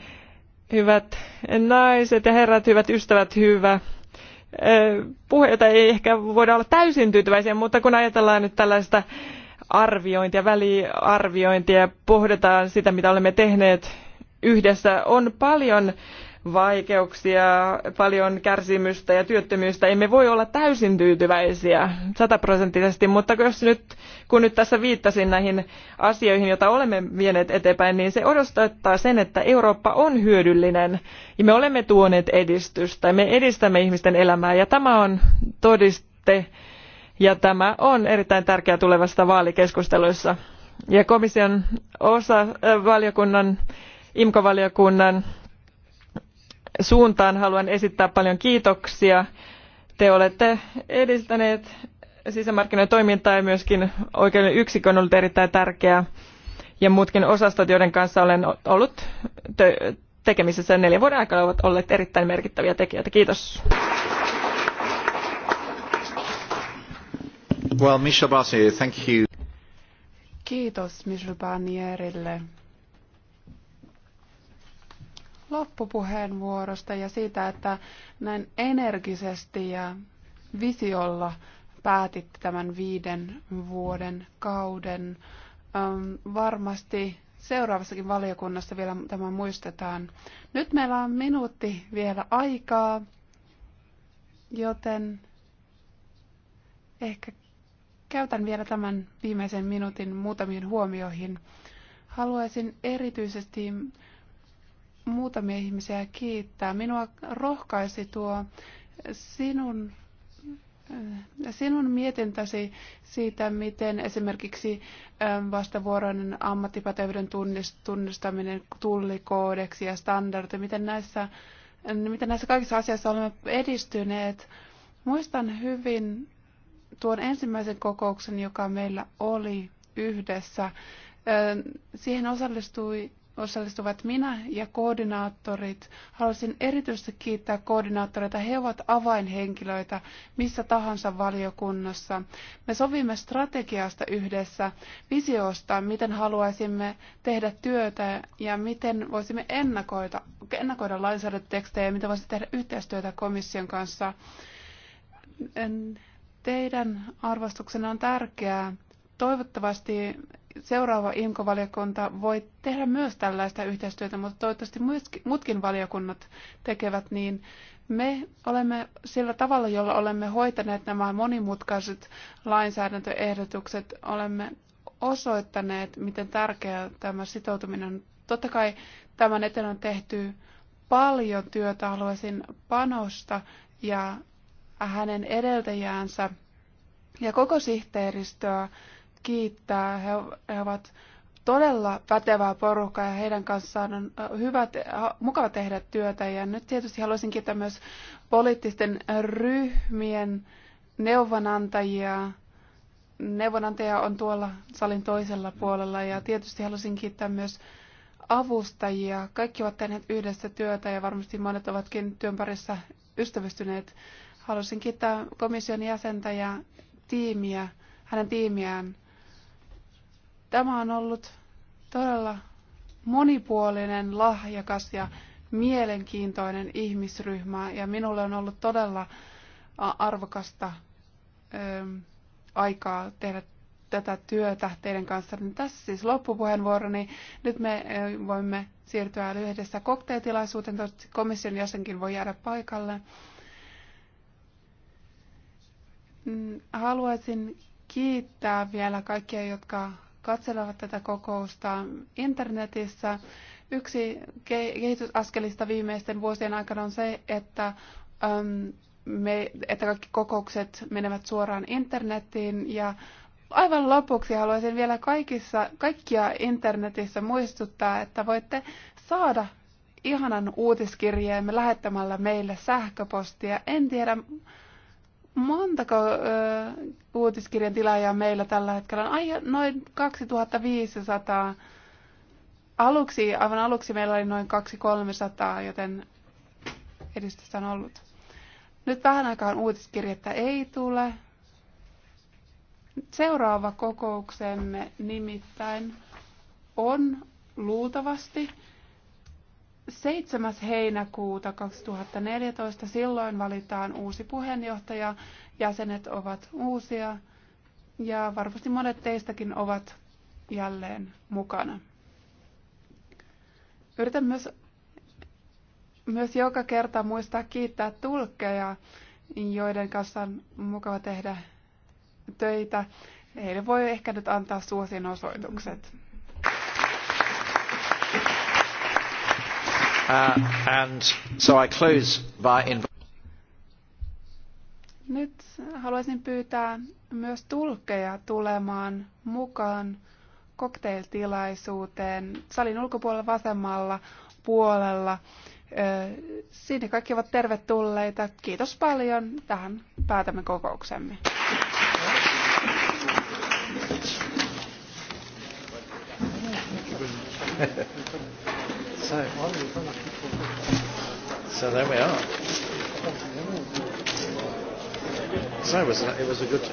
hyvät naiset ja herrat, hyvät ystävät, hyvä puheita ei ehkä voida olla täysin tyytyväisiä, mutta kun ajatellaan nyt tällaista arviointia, väliarviointia ja pohditaan sitä, mitä olemme tehneet yhdessä, on paljon vaikeuksia, paljon kärsimystä ja työttömyystä. Emme voi olla täysin tyytyväisiä sataprosenttisesti, mutta jos nyt, kun nyt tässä viittasin näihin asioihin, joita olemme vieneet eteenpäin, niin se odottaa sen, että Eurooppa on hyödyllinen ja me olemme tuoneet edistystä. Me edistämme ihmisten elämää ja tämä on todiste ja tämä on erittäin tärkeää tulevassa vaalikeskusteluissa. Ja komission osa, äh, valiokunnan, IMKO-valiokunnan suuntaan haluan esittää paljon kiitoksia. Te olette edistäneet sisämarkkinoiden toimintaa ja myöskin oikeuden yksikön on ollut erittäin tärkeä. ja muutkin osastot, joiden kanssa olen ollut tekemisessä neljän vuoden aikana ovat olleet erittäin merkittäviä tekijöitä. Kiitos. Well, Michel Barnier, thank you. Kiitos Michel Barnierille loppupuheenvuorosta ja siitä, että näin energisesti ja visiolla päätitte tämän viiden vuoden kauden. varmasti seuraavassakin valiokunnassa vielä tämä muistetaan. Nyt meillä on minuutti vielä aikaa, joten ehkä käytän vielä tämän viimeisen minuutin muutamiin huomioihin. Haluaisin erityisesti muutamia ihmisiä kiittää. Minua rohkaisi tuo sinun, äh, sinun mietintäsi siitä, miten esimerkiksi ähm, vastavuoroinen ammattipätevyyden tunnistaminen tullikoodeksi ja standardi, miten näissä, miten näissä kaikissa asioissa olemme edistyneet. Muistan hyvin tuon ensimmäisen kokouksen, joka meillä oli yhdessä. Äh, siihen osallistui osallistuvat minä ja koordinaattorit. Haluaisin erityisesti kiittää koordinaattoreita. He ovat avainhenkilöitä missä tahansa valiokunnassa. Me sovimme strategiasta yhdessä, visiosta, miten haluaisimme tehdä työtä ja miten voisimme ennakoida, ennakoida lainsäädäntötekstejä ja miten voisimme tehdä yhteistyötä komission kanssa. Teidän arvostuksenne on tärkeää. Toivottavasti seuraava imco valiokunta voi tehdä myös tällaista yhteistyötä, mutta toivottavasti muutkin valiokunnat tekevät niin. Me olemme sillä tavalla, jolla olemme hoitaneet nämä monimutkaiset lainsäädäntöehdotukset, olemme osoittaneet, miten tärkeää tämä sitoutuminen on. Totta kai tämän eteen on tehty paljon työtä, haluaisin panosta ja hänen edeltäjäänsä ja koko sihteeristöä kiittää. He, he ovat todella pätevää porukkaa ja heidän kanssaan on hyvä, mukava tehdä työtä. Ja nyt tietysti haluaisin kiittää myös poliittisten ryhmien neuvonantajia. Neuvonantaja on tuolla salin toisella puolella ja tietysti haluaisin kiittää myös avustajia. Kaikki ovat tehneet yhdessä työtä ja varmasti monet ovatkin työn parissa ystävystyneet. Haluaisin kiittää komission jäsentä ja tiimiä, hänen tiimiään Tämä on ollut todella monipuolinen, lahjakas ja mielenkiintoinen ihmisryhmä ja minulle on ollut todella arvokasta aikaa tehdä tätä työtä teidän kanssa. Niin tässä siis loppupuheenvuoroni. Nyt me voimme siirtyä yhdessä kokteetilaisuuteen. Komission jäsenkin voi jäädä paikalle. Mm, haluaisin kiittää vielä kaikkia, jotka katselevat tätä kokousta internetissä. Yksi kehitysaskelista viimeisten vuosien aikana on se, että, me, että kaikki kokoukset menevät suoraan internettiin ja aivan lopuksi haluaisin vielä kaikissa, kaikkia internetissä muistuttaa, että voitte saada ihanan uutiskirjeemme lähettämällä meille sähköpostia. En tiedä, montako ö, uutiskirjan tilaajaa meillä tällä hetkellä on? Ai, noin 2500. Aluksi, aivan aluksi meillä oli noin 2300, joten edistystä on ollut. Nyt vähän aikaan uutiskirjettä ei tule. Seuraava kokouksemme nimittäin on luultavasti 7. heinäkuuta 2014. Silloin valitaan uusi puheenjohtaja. Jäsenet ovat uusia ja varmasti monet teistäkin ovat jälleen mukana. Yritän myös, myös joka kerta muistaa kiittää tulkkeja, joiden kanssa on mukava tehdä töitä. Heille voi ehkä nyt antaa suosin osoitukset. Uh, Nyt haluaisin pyytää myös tulkkeja tulemaan mukaan cocktailtilaisuuteen salin ulkopuolella vasemmalla puolella. Sinne kaikki ovat tervetulleita. Kiitos paljon. Tähän päätämme kokouksemme. Thank *laughs* you. So, so there we are. So it was, a, it was a good